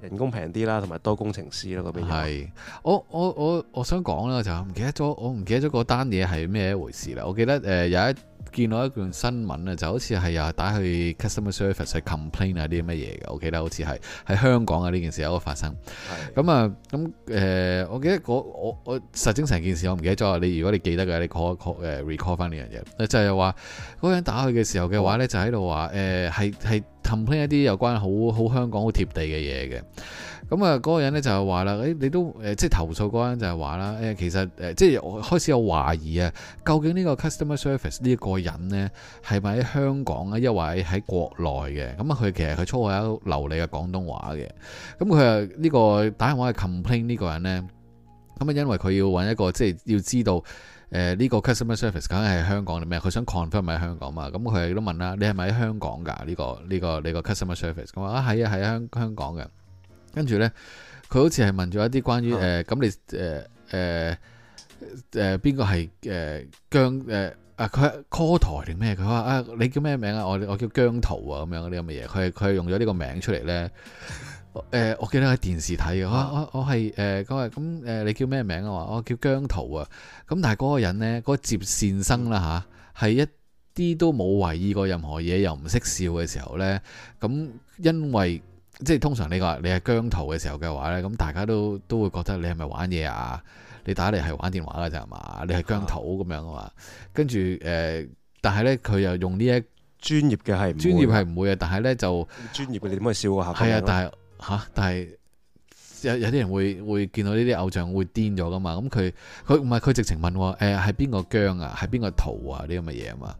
人工平啲啦，同埋多工程師啦嗰邊。係，我我我我想講咧就唔記得咗，我唔記得咗嗰單嘢係咩一回事啦。我記得誒有一。見到一段新聞啊，就好似係又打去 customer service 去 complain 啊啲乜嘢嘅，我記得好似係喺香港啊呢件事有個發生。咁啊的，咁誒、呃，我記得我我，我實證成件事，我唔記得咗。你如果你記得嘅，你 call call 誒、uh, recall 翻呢樣嘢，就係話嗰個人打去嘅時候嘅話呢，嗯、就喺度話誒係係。呃 complain 一啲有關好好香港好貼地嘅嘢嘅，咁啊嗰個人咧就係話啦，誒、哎、你都誒即係投訴嗰人就係話啦，誒、哎、其實誒即係開始有懷疑啊，究竟呢個 customer service 呢個人咧係咪喺香港啊，抑或喺喺國內嘅？咁啊佢其實佢初學有流利嘅廣東話嘅，咁佢啊呢個打電話嚟 complain 呢個人咧，咁啊因為佢要揾一個即係要知道。誒呢個 customer service 梗係香港定咩？佢想 confirm 喺香港嘛？咁佢都問啦，你係咪喺香港噶？呢個呢個你個 customer service 咁話啊，係啊係啊，香香港嘅。跟住咧，佢好似係問咗一啲關於誒，咁你誒誒誒邊個係誒姜誒啊？佢 call 台定咩？佢話啊，你叫咩名啊？我我叫姜濤啊，咁樣嗰啲咁嘅嘢。佢係佢係用咗呢個名出嚟咧。誒、呃，我記得喺電視睇嘅，我我我係誒咁誒，你叫咩名啊？我、呃、叫我叫姜濤啊。咁但係嗰個人呢，嗰、那個接線生啦、啊、吓，係一啲都冇懷疑過任何嘢，又唔識笑嘅時候呢。咁、嗯、因為即係通常你話你係姜濤嘅時候嘅話呢，咁大家都都會覺得你係咪玩嘢啊？你打嚟係玩電話㗎咋嘛？你係姜濤咁、啊啊、樣啊嘛？跟住誒、呃，但係呢，佢又用呢一專業嘅係、啊、專業係唔會嘅，但係呢，就專業嘅你點可以笑個客？係啊，但係。吓！但係有有啲人會會見到呢啲偶像會癲咗噶嘛？咁佢佢唔係佢直情問誒，係、欸、邊個姜啊？係邊個圖啊？啲咁嘅嘢啊嘛？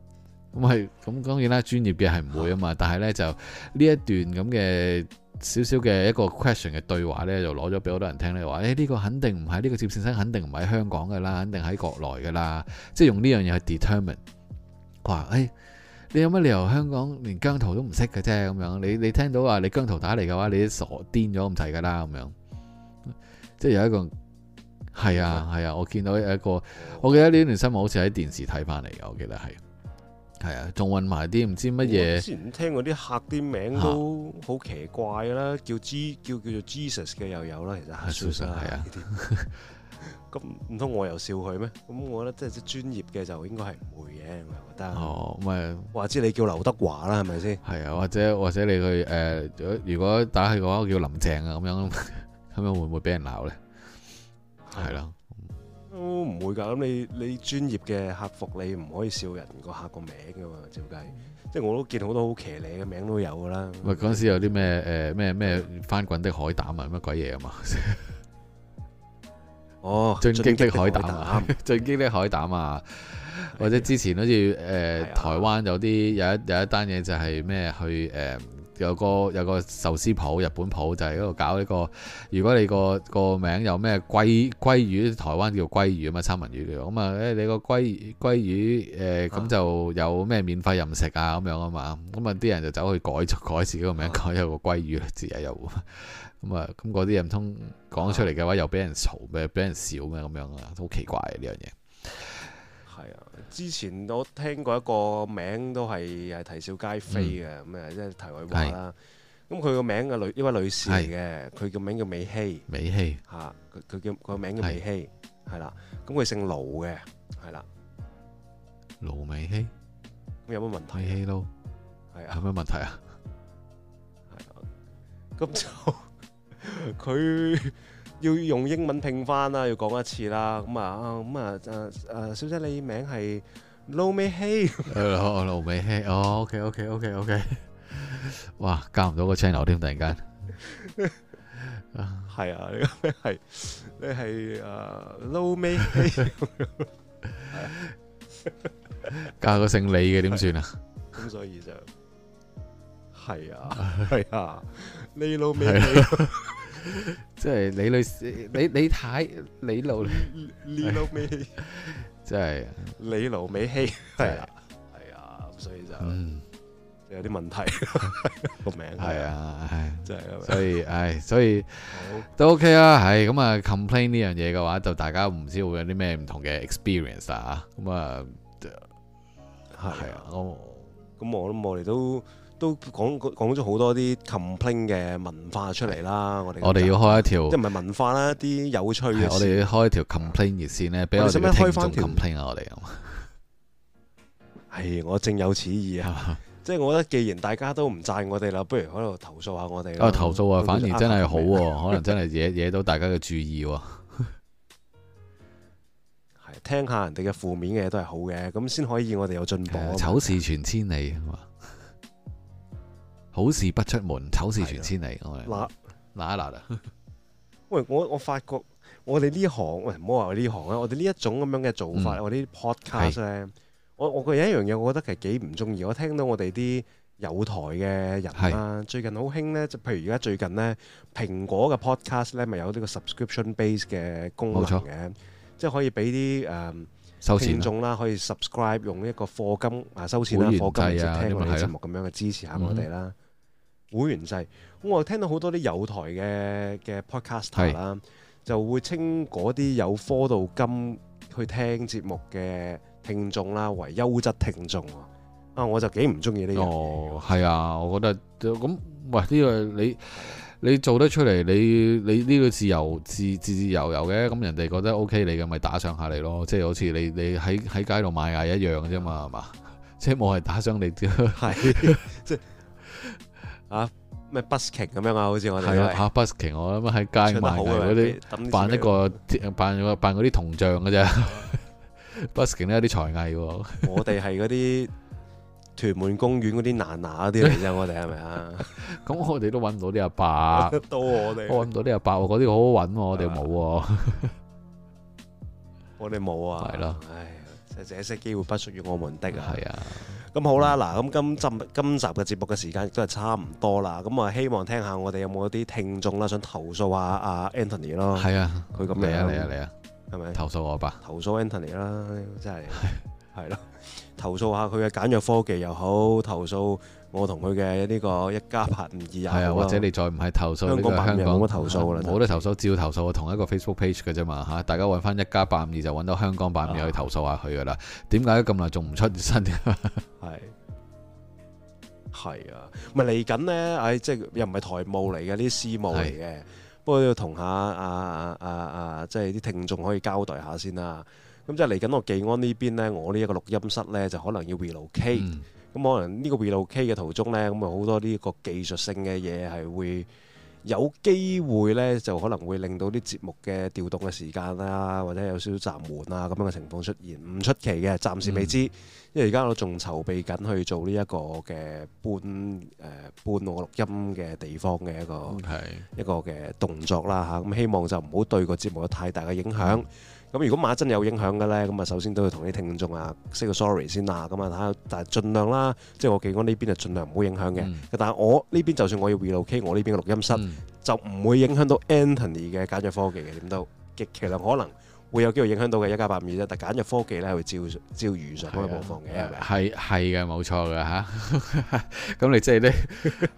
咁係咁，當然啦，專業嘅係唔會啊嘛。但係咧就呢一段咁嘅少少嘅一個 question 嘅對話咧，就攞咗俾好多人聽咧。話誒呢個肯定唔係呢個接線生,生肯，肯定唔係香港噶啦，肯定喺國內噶啦。即係用呢樣嘢去 determine 話誒。你有乜理由香港連姜濤都唔識嘅啫？咁樣你你聽到話你姜濤打嚟嘅話，你都傻癲咗咁滯噶啦咁樣。即係有一個係啊係啊，我見到有一個，我記得呢段新聞好似喺電視睇翻嚟嘅，我記得係係啊，仲混埋啲唔知乜嘢。之前聽嗰啲客啲名都好奇怪啦，叫 G，叫叫做 Jesus 嘅又有啦，其實係啊。啊。咁唔通我又笑佢咩？咁我覺得即係專業嘅就應該係唔會嘅，我覺得哦，咁啊話知你叫劉德華啦，係咪先？係啊，或者或者你去誒、呃，如果如果打佢嘅話我叫林鄭啊，咁樣咁樣會唔會俾人鬧咧？係咯、啊，啊、都唔會噶。咁你你專業嘅客服，你唔可以笑人個客個名噶嘛？照計，即係我都見好多好騎呢嘅名都有噶啦。喂、嗯，嗰時有啲咩誒咩咩翻滾的海膽啊，乜鬼嘢啊嘛？ <laughs> 哦，進擊的海膽啊！進擊的， <laughs> 的海膽啊！或者之前好似誒、呃、的台灣有啲有一有一單嘢就係咩去誒、呃、有個有個壽司鋪日本鋪就係嗰度搞呢、這個，如果你、那個、那個名有咩鮭鮭魚，台灣叫鮭魚啊嘛，三文魚叫咁啊誒，那你那個鮭鮭魚誒咁、呃、就有咩免費任食啊咁樣啊嘛，咁啊啲人就走去改改自己個名，改有一個鮭魚字啊又。咁啊，咁嗰啲唔通講出嚟嘅話，又俾人嘈，咩俾人笑咩咁樣啊，好奇怪啊呢樣嘢。係啊，之前我聽過一個名，都係係啼笑皆非嘅，咁啊，即係題外話啦。咁佢個名嘅女，一位女士嚟嘅，佢嘅名叫美希，美希吓，佢佢叫佢名叫美希，係啦。咁佢姓盧嘅，係啦。盧美希，咁有咩問題？美希咯，係啊，有咩問題啊？係啊，咁就。佢要用英文拼翻啦，要講一次啦。咁、嗯、啊，咁啊，誒，小姐，你名係 Low Me 希，誒、啊，好，Low Me 希，嗎哦，OK，OK，OK，OK，、OK, OK, OK, OK、哇，加唔到個 channel 添，突然間，係啊，你咩係？你係誒，Low Me 希，uh, <laughs> <laughs> 加個姓李嘅點算啊？咁所以就係啊，係啊，你 Low Me hey。即係李女士，李李太李露李露美，即係李露美希，係啊，係啊，咁所以就即係有啲問題個名，係啊，係真係，所以唉，所以都 OK 啊，唉，咁啊，complain 呢樣嘢嘅話，就大家唔知會有啲咩唔同嘅 experience 啊，咁啊，係係啊，我咁我諗我哋都。都講講咗好多啲 complain 嘅文化出嚟啦，我哋我哋要開一條即唔係文化啦，啲有趣嘅，我哋要開一條 complain 熱線咧，俾我哋聽翻 complain 啊，我哋係我正有此意啊！即係我覺得既然大家都唔讚我哋啦，不如喺度投訴下我哋咯。啊，投訴啊，反而真係好，可能真係惹惹到大家嘅注意。係聽下人哋嘅負面嘅嘢都係好嘅，咁先可以我哋有進步。醜事傳千里。好事不出門，醜事傳千里。嗱嗱一嗱喂，我我發覺我哋呢行，喂唔好話我呢行啊，我哋呢一種咁樣嘅做法，我啲 podcast 咧，我我覺得有一樣嘢，我覺得其實幾唔中意。我聽到我哋啲友台嘅人啦，最近好興咧，就譬如而家最近咧，蘋果嘅 podcast 咧，咪有呢個 subscription base 嘅功能嘅，即係可以俾啲誒收錢眾啦，可以 subscribe 用呢一個課金啊收錢啦，課金嚟聽我哋節目咁樣嘅支持下我哋啦。會員制，我又聽到好多啲有台嘅嘅 podcaster 啦，就會稱嗰啲有科度金去聽節目嘅聽眾啦為優質聽眾啊！我就幾唔中意呢個。哦，係啊，我覺得咁、嗯，喂，呢、呢個你你做得出嚟，你你呢個自由自自自由由嘅，咁人哋覺得 OK 你咁，咪打賞下你咯，即係好似你你喺喺街度買嘢一樣啫嘛，係嘛是、啊啊？即係冇係打賞你，係即係。啊咩 busking 咁樣啊，啊好似我哋係咯，啊 busking 我諗喺街賣嘢嗰啲，扮一個扮扮嗰啲銅像嘅啫，busking 都有啲才藝。我哋係嗰啲屯門公園嗰啲南亞嗰啲嚟啫，我哋係咪啊？咁我哋都搵唔到啲阿伯，都我哋搵唔到啲阿伯，嗰啲好好搵，我哋冇喎。我哋冇啊！係咯，唉，就這些機會不屬於我們的，係啊。咁好啦，嗱，咁今集今集嘅節目嘅時間亦都係差唔多啦，咁啊希望聽下我哋有冇一啲聽眾啦，想投訴下阿 Anthony 咯。係啊，佢咁嚟啊，嚟啊，嚟啊，係咪？投訴我吧。投訴 Anthony 啦，真係係咯，投訴下佢嘅簡約科技又好，投訴。我同佢嘅呢個一家八五二啊，係啊吧，或者你再唔係投訴呢個香港冇乜投訴啦，冇得投訴，照的投訴，同一個 Facebook page 嘅啫嘛，吓，大家揾翻一家八五二就揾到香講八五二去投訴下佢噶啦。點解咁耐仲唔出新？係係啊，咪嚟緊呢。唉、啊哎，即係又唔係台務嚟嘅，呢啲私務嚟嘅。是不過要同下阿阿阿即係啲聽眾可以交代下先啦。咁即係嚟緊我紀安呢邊呢，我呢一個錄音室呢，就可能要 relocate。咁可能呢個 relocate 嘅途中呢，咁啊好多呢個技術性嘅嘢係會有機會呢，就可能會令到啲節目嘅調動嘅時間啦，或者有少少暫緩啊咁樣嘅情況出現，唔出奇嘅，暫時未知。嗯、因為而家我仲籌備緊去做呢、呃、一個嘅搬誒搬我錄音嘅地方嘅一個一個嘅動作啦嚇，咁希望就唔好對個節目有太大嘅影響。嗯咁如果萬一真有影響嘅咧，咁啊首先都要同啲聽眾啊 say 個 sorry 先啦，咁啊睇下，但係盡量啦，即、就、係、是、我記、嗯、我呢邊就盡量唔好影響嘅。但係我呢邊就算我要 relocate 我呢邊嘅錄音室、嗯、就唔會影響到 Anthony 嘅簡約科技嘅，點都極其量可能。會有機會影響到嘅一家852啫，但係簡約科技咧，係會照照如常咁樣播放嘅，係咪、啊？係係嘅，冇錯嘅嚇。咁、啊、 <laughs> 你即係咧，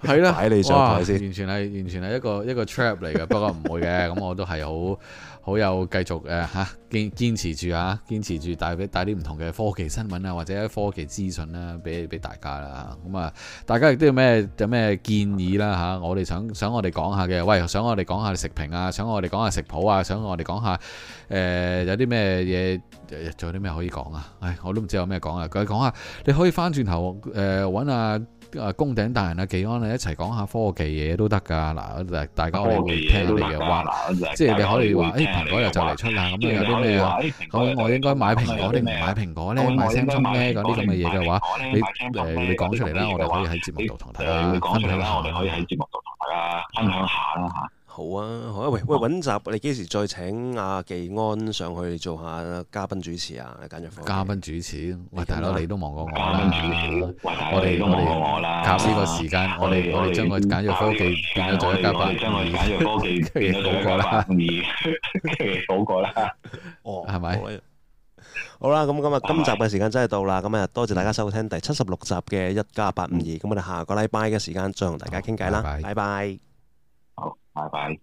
係啦， <laughs> <laughs> 喺你上台先。完全係完全係一個一個 trap 嚟嘅，不過唔會嘅。咁 <laughs> 我都係好好有繼續誒嚇堅堅持住嚇，堅持住、啊、帶俾帶啲唔同嘅科技新聞啊，或者科技資訊啦、啊，俾俾大家啦。咁啊，大家亦都有咩有咩建議啦、啊、嚇？我哋想想我哋講下嘅，喂，想我哋講下食評啊，想我哋講下食譜啊，想我哋講下誒。誒、呃，有啲咩嘢？仲有啲咩可以講啊？唉，我都唔知有咩講啊！佢講下，你可以翻轉頭誒，揾阿阿宮頂大人啊、紀安啊一齊講下科技嘢都得噶。嗱，大家我哋會聽下你嘅話，即係你可以話，誒、欸，蘋果又就嚟出啦，咁你有啲咩啊？咁我應該買蘋果定唔買蘋果咧？買 Samsung 咧？嗰啲咁嘅嘢嘅話，你誒、啊，你講出嚟啦，我哋可以喺節目度同大家，喺埋喺個行可以喺節目度同大家分享一下啦吓。嗯好啊，好啊，喂喂，揾集，你幾時再請阿紀安上去做下嘉賓主持啊？簡約科技嘉賓主持，喂大佬，你都忙過我啦，我哋都我哋靠呢個時間，我哋我哋將個簡約科技變咗做一嘉賓，將個簡約科技變咗做一嘉賓，二，好過啦，哦，係咪？好啦，咁今日今集嘅時間真係到啦，咁啊多謝大家收聽第七十六集嘅一加八五二，咁我哋下個禮拜嘅時間再同大家傾偈啦，拜拜。拜拜。